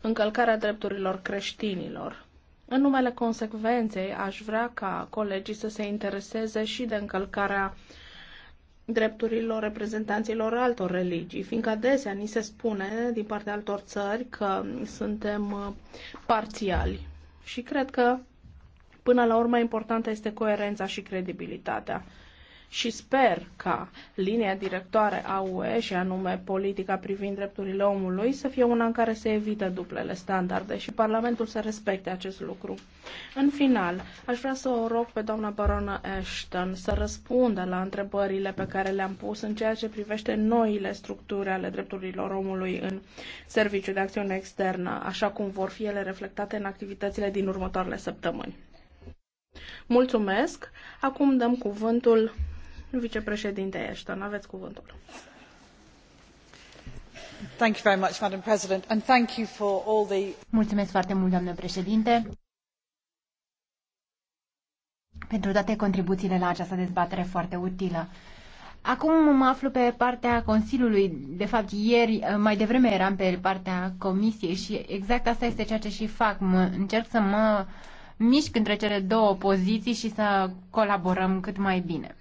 încălcarea drepturilor creștinilor. În numele consecvenței, aș vrea ca colegii să se intereseze și de încălcarea drepturilor reprezentanților altor religii, fiindcă adesea ni se spune din partea altor țări că suntem uh, parțiali. Și cred că Până la urmă, importantă este coerența și credibilitatea. Și sper ca linia directoare a UE, și anume politica privind drepturile omului, să fie una în care se evită duplele standarde și Parlamentul să respecte acest lucru. În final, aș vrea să o rog pe doamna baronă Ashton să răspundă la întrebările pe care le-am pus în ceea ce privește noile structuri ale drepturilor omului în Serviciul de Acțiune Externă, așa cum vor fi ele reflectate în activitățile din următoarele săptămâni. Mulțumesc. Acum dăm cuvântul vicepreședintei Ashton. Aveți cuvântul. Thank you very much, Madam President, and thank you for all the... Mulțumesc foarte mult, doamnă președinte, pentru toate contribuțiile la această dezbatere foarte utilă. Acum mă aflu pe partea Consiliului. De fapt, ieri, mai devreme eram pe partea Comisiei și exact asta este ceea ce și fac. Mă, încerc să mă uh, mișc între cele două poziții și să colaborăm cât mai bine.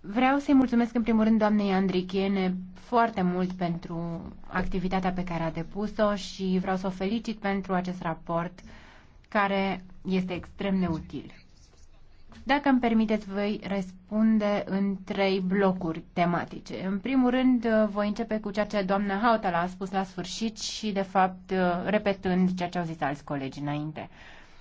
Vreau să-i mulțumesc în primul rând doamnei Andrichiene foarte mult pentru activitatea pe care a depus-o și vreau să o felicit pentru acest raport care este extrem de util. Dacă îmi permiteți, voi răspunde în trei blocuri tematice. În primul rând, voi începe cu ceea ce doamna Hautala a spus la sfârșit și, de fapt, repetând ceea ce au zis alți colegi înainte.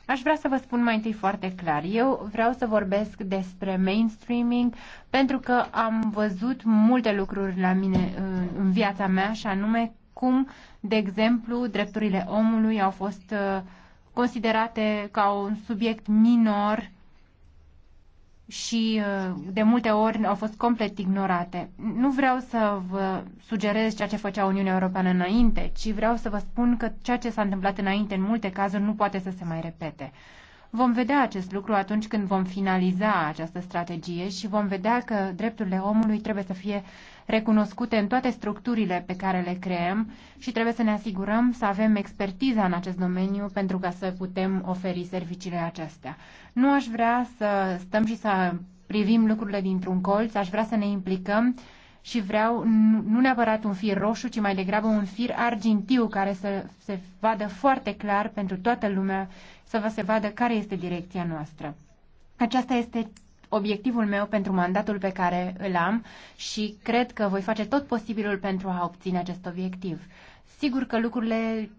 Aș vrea să vă spun mai întâi foarte clar. Eu vreau să vorbesc despre mainstreaming pentru că am văzut multe lucruri la mine în viața mea și anume cum, de exemplu, drepturile omului au fost uh, considerate ca un subiect minor și uh, de multe ori au fost complet ignorate. Nu vreau să vă sugerez ceea ce făcea Uniunea Europeană înainte, ci vreau să vă spun că ceea ce s-a întâmplat înainte în multe cazuri nu poate să se mai repete. Vom vedea acest lucru atunci când vom finaliza această strategie și vom vedea că drepturile omului trebuie să fie recunoscute în toate structurile pe care le creăm și trebuie să ne asigurăm să avem expertiza în acest domeniu pentru ca să putem oferi serviciile acestea. Nu aș vrea să stăm și să privim lucrurile dintr-un colț, aș vrea să ne implicăm și vreau nu neapărat un fir roșu, ci mai degrabă un fir argintiu care să se vadă foarte clar pentru toată lumea, să vă se vadă care este direcția noastră. Aceasta este obiectivul meu pentru mandatul pe care îl am și cred că voi face tot posibilul pentru a obține acest obiectiv. Sigur că lucrurile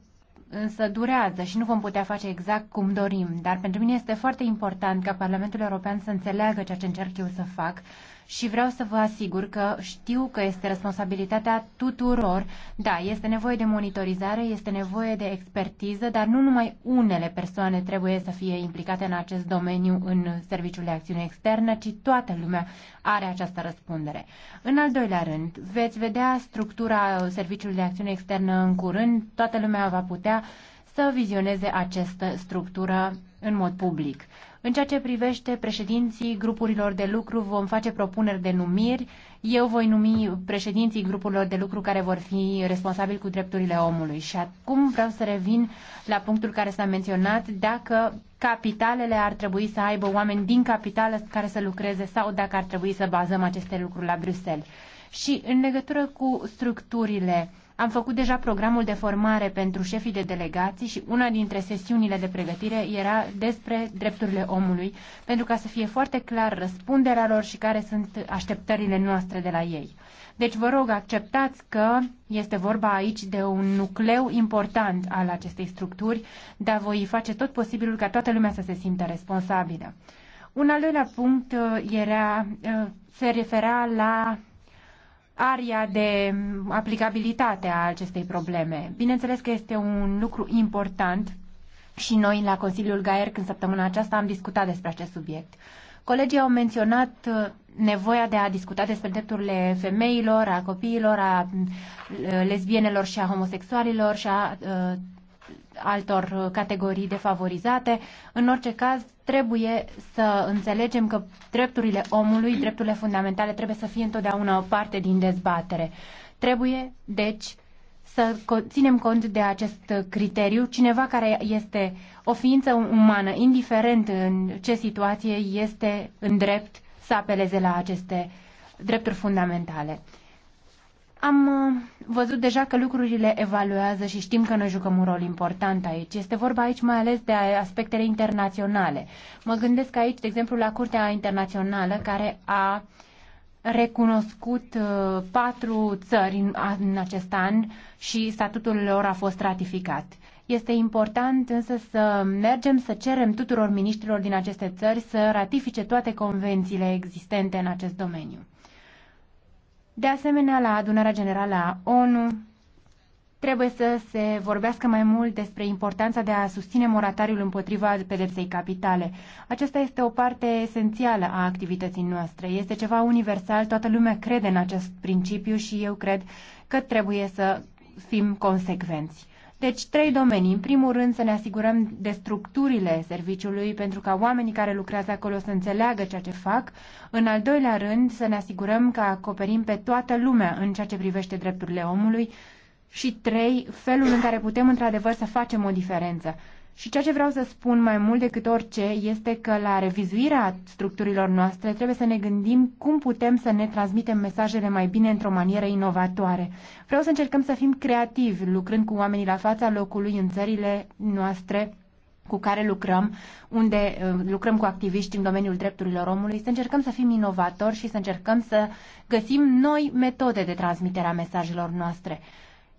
însă durează și nu vom putea face exact cum dorim. Dar pentru mine este foarte important ca Parlamentul European să înțeleagă ceea ce încerc eu să fac și vreau să vă asigur că știu că este responsabilitatea tuturor. Da, este nevoie de monitorizare, este nevoie de expertiză, dar nu numai unele persoane trebuie să fie implicate în acest domeniu în Serviciul de Acțiune Externă, ci toată lumea are această răspundere. În al doilea rând, veți vedea structura Serviciului de Acțiune Externă în curând, toată lumea va putea să vizioneze această structură în mod public. În ceea ce privește președinții grupurilor de lucru, vom face propuneri de numiri. Eu voi numi președinții grupurilor de lucru care vor fi responsabili cu drepturile omului. Și acum vreau să revin la punctul care s-a menționat, dacă capitalele ar trebui să aibă oameni din capitală care să lucreze sau dacă ar trebui să bazăm aceste lucruri la Bruxelles. Și în legătură cu structurile uh, am făcut deja programul de formare pentru șefii de delegații și una dintre sesiunile de pregătire era despre drepturile omului, pentru ca să fie foarte clar răspunderea lor și care sunt așteptările noastre de la ei. Deci vă rog, acceptați că este vorba aici de un nucleu important al acestei structuri, dar voi face tot posibilul ca toată lumea să se simtă responsabilă. Un al doilea punct uh, era, uh, se refera la aria de aplicabilitate a acestei probleme. Bineînțeles că este un lucru important și noi la Consiliul GAERC în săptămâna aceasta am discutat despre acest subiect. Colegii au menționat uh, nevoia de a discuta despre drepturile femeilor, a copiilor, a uh, lesbienelor și a homosexualilor și a uh, altor uh, categorii defavorizate. În orice caz, trebuie să înțelegem că drepturile omului, drepturile fundamentale trebuie să fie întotdeauna o parte din dezbatere. Trebuie, deci, să ținem cont de acest criteriu. Cineva care este o ființă umană, indiferent în ce situație, este în drept să apeleze la aceste drepturi fundamentale. Am uh, văzut deja că lucrurile evaluează și știm că noi jucăm un rol important aici. Este vorba aici mai ales de aspectele internaționale. Mă gândesc aici, de exemplu, la Curtea Internațională care a recunoscut uh, patru țări în acest an și statutul lor a fost ratificat. Este important însă să mergem să cerem tuturor miniștrilor din aceste țări să ratifice toate convențiile existente în acest domeniu. De asemenea, la adunarea generală a ONU trebuie să se vorbească mai mult despre importanța de a susține moratariul împotriva pedepsei capitale. Aceasta este o parte esențială a activității noastre. Este ceva universal, toată lumea crede în acest principiu și eu cred că trebuie să fim consecvenți. Deci, trei domenii. În primul rând, să ne asigurăm de structurile serviciului pentru ca oamenii care lucrează acolo să înțeleagă ceea ce fac. În al doilea rând, să ne asigurăm că acoperim pe toată lumea în ceea ce privește drepturile omului. Și trei, felul în care putem într-adevăr să facem o diferență. Și ceea ce vreau să spun mai mult decât orice este că la revizuirea structurilor noastre trebuie să ne gândim cum putem să ne transmitem mesajele mai bine într-o manieră inovatoare. Vreau să încercăm să fim creativi, lucrând cu oamenii la fața locului în țările noastre cu care lucrăm, unde uh, lucrăm cu activiști în domeniul drepturilor omului, să încercăm să fim inovatori și să încercăm să găsim noi metode de transmitere a mesajelor noastre.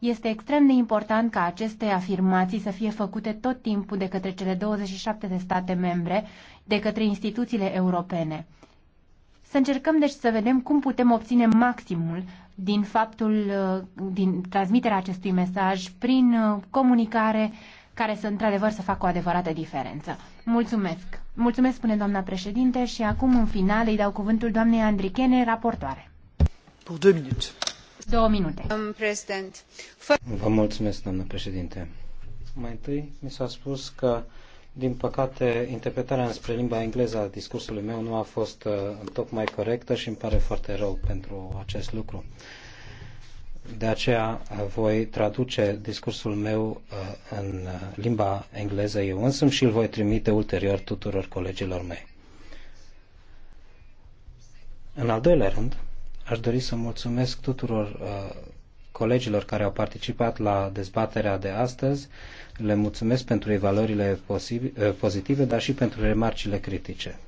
Este extrem de important ca aceste afirmații să fie făcute tot timpul de către cele 27 de state membre, de către instituțiile europene. Să încercăm deci să vedem cum putem obține maximul din faptul, uh, din transmiterea acestui mesaj prin uh, comunicare care să într-adevăr să facă o adevărată diferență. Mulțumesc! Mulțumesc, spune doamna președinte, și acum în final îi dau cuvântul doamnei Andrichene, raportoare. Pour deux minutes. Vă mulțumesc, președinte. Mai întâi mi s-a spus că, din păcate, interpretarea înspre limba engleză a discursului meu nu a fost uh, tocmai corectă și îmi pare foarte rău pentru acest lucru. De aceea voi traduce discursul meu uh, în uh, limba engleză eu însumi și îl voi trimite ulterior tuturor colegilor mei. În al doilea rând, Aș dori să mulțumesc tuturor uh, colegilor care au participat la dezbaterea de astăzi. Le mulțumesc pentru evaluările uh, pozitive, dar și pentru remarcile critice.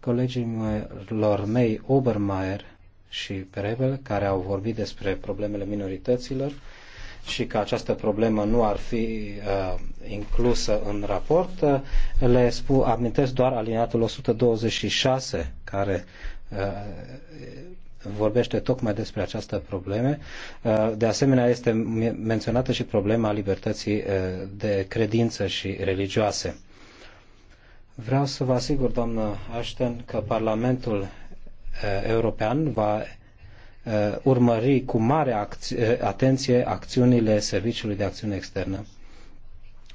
Colegilor mei Obermeier și Perebel, care au vorbit despre problemele minorităților și că această problemă nu ar fi uh, inclusă în raport, uh, le spu, amintesc doar aliniatul 126, care Uh, vorbește tocmai despre această probleme. Uh, de asemenea, este menționată și problema libertății uh, de credință și religioase. Vreau să vă asigur, doamnă Ashton, că Parlamentul European va urmări cu mare acți- atenție acțiunile Serviciului de Acțiune Externă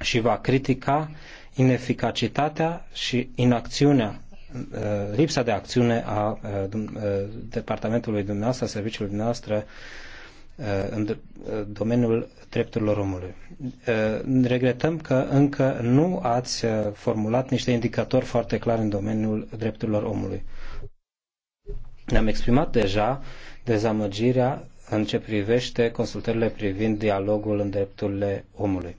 și va critica ineficacitatea și inacțiunea Uh, lipsa de acțiune a uh, uh, departamentului dumneavoastră, a serviciului dumneavoastră în domeniul drepturilor omului. Regretăm că încă nu ați formulat niște indicatori foarte clari în domeniul drepturilor omului. Ne-am exprimat deja dezamăgirea în ce privește consultările privind dialogul în drepturile omului.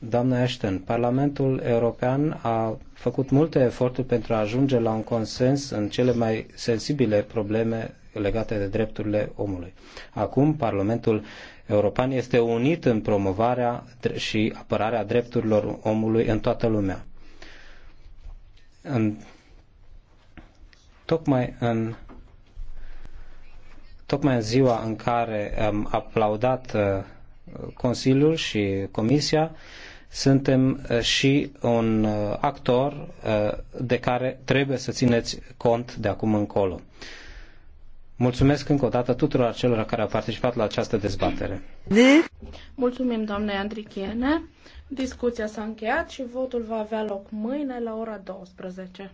Doamna Ashton, Parlamentul European a făcut multe eforturi pentru a ajunge la un consens în cele mai sensibile probleme legate de drepturile omului. Acum, Parlamentul European este unit în promovarea și apărarea drepturilor omului în toată lumea. În, tocmai în tocmai în ziua în care am aplaudat uh, Consiliul și Comisia, suntem uh, și un uh, actor uh, de care trebuie să țineți cont de acum încolo. Mulțumesc încă o dată tuturor celor care au participat la această dezbatere. Mulțumim, doamne Andrichiene. Discuția s-a încheiat și votul va avea loc mâine la ora 12.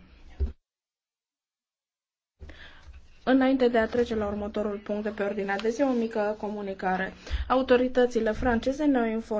Înainte de a trece la următorul punct de pe ordinea de zi, o mică comunicare. Autoritățile franceze ne-au informat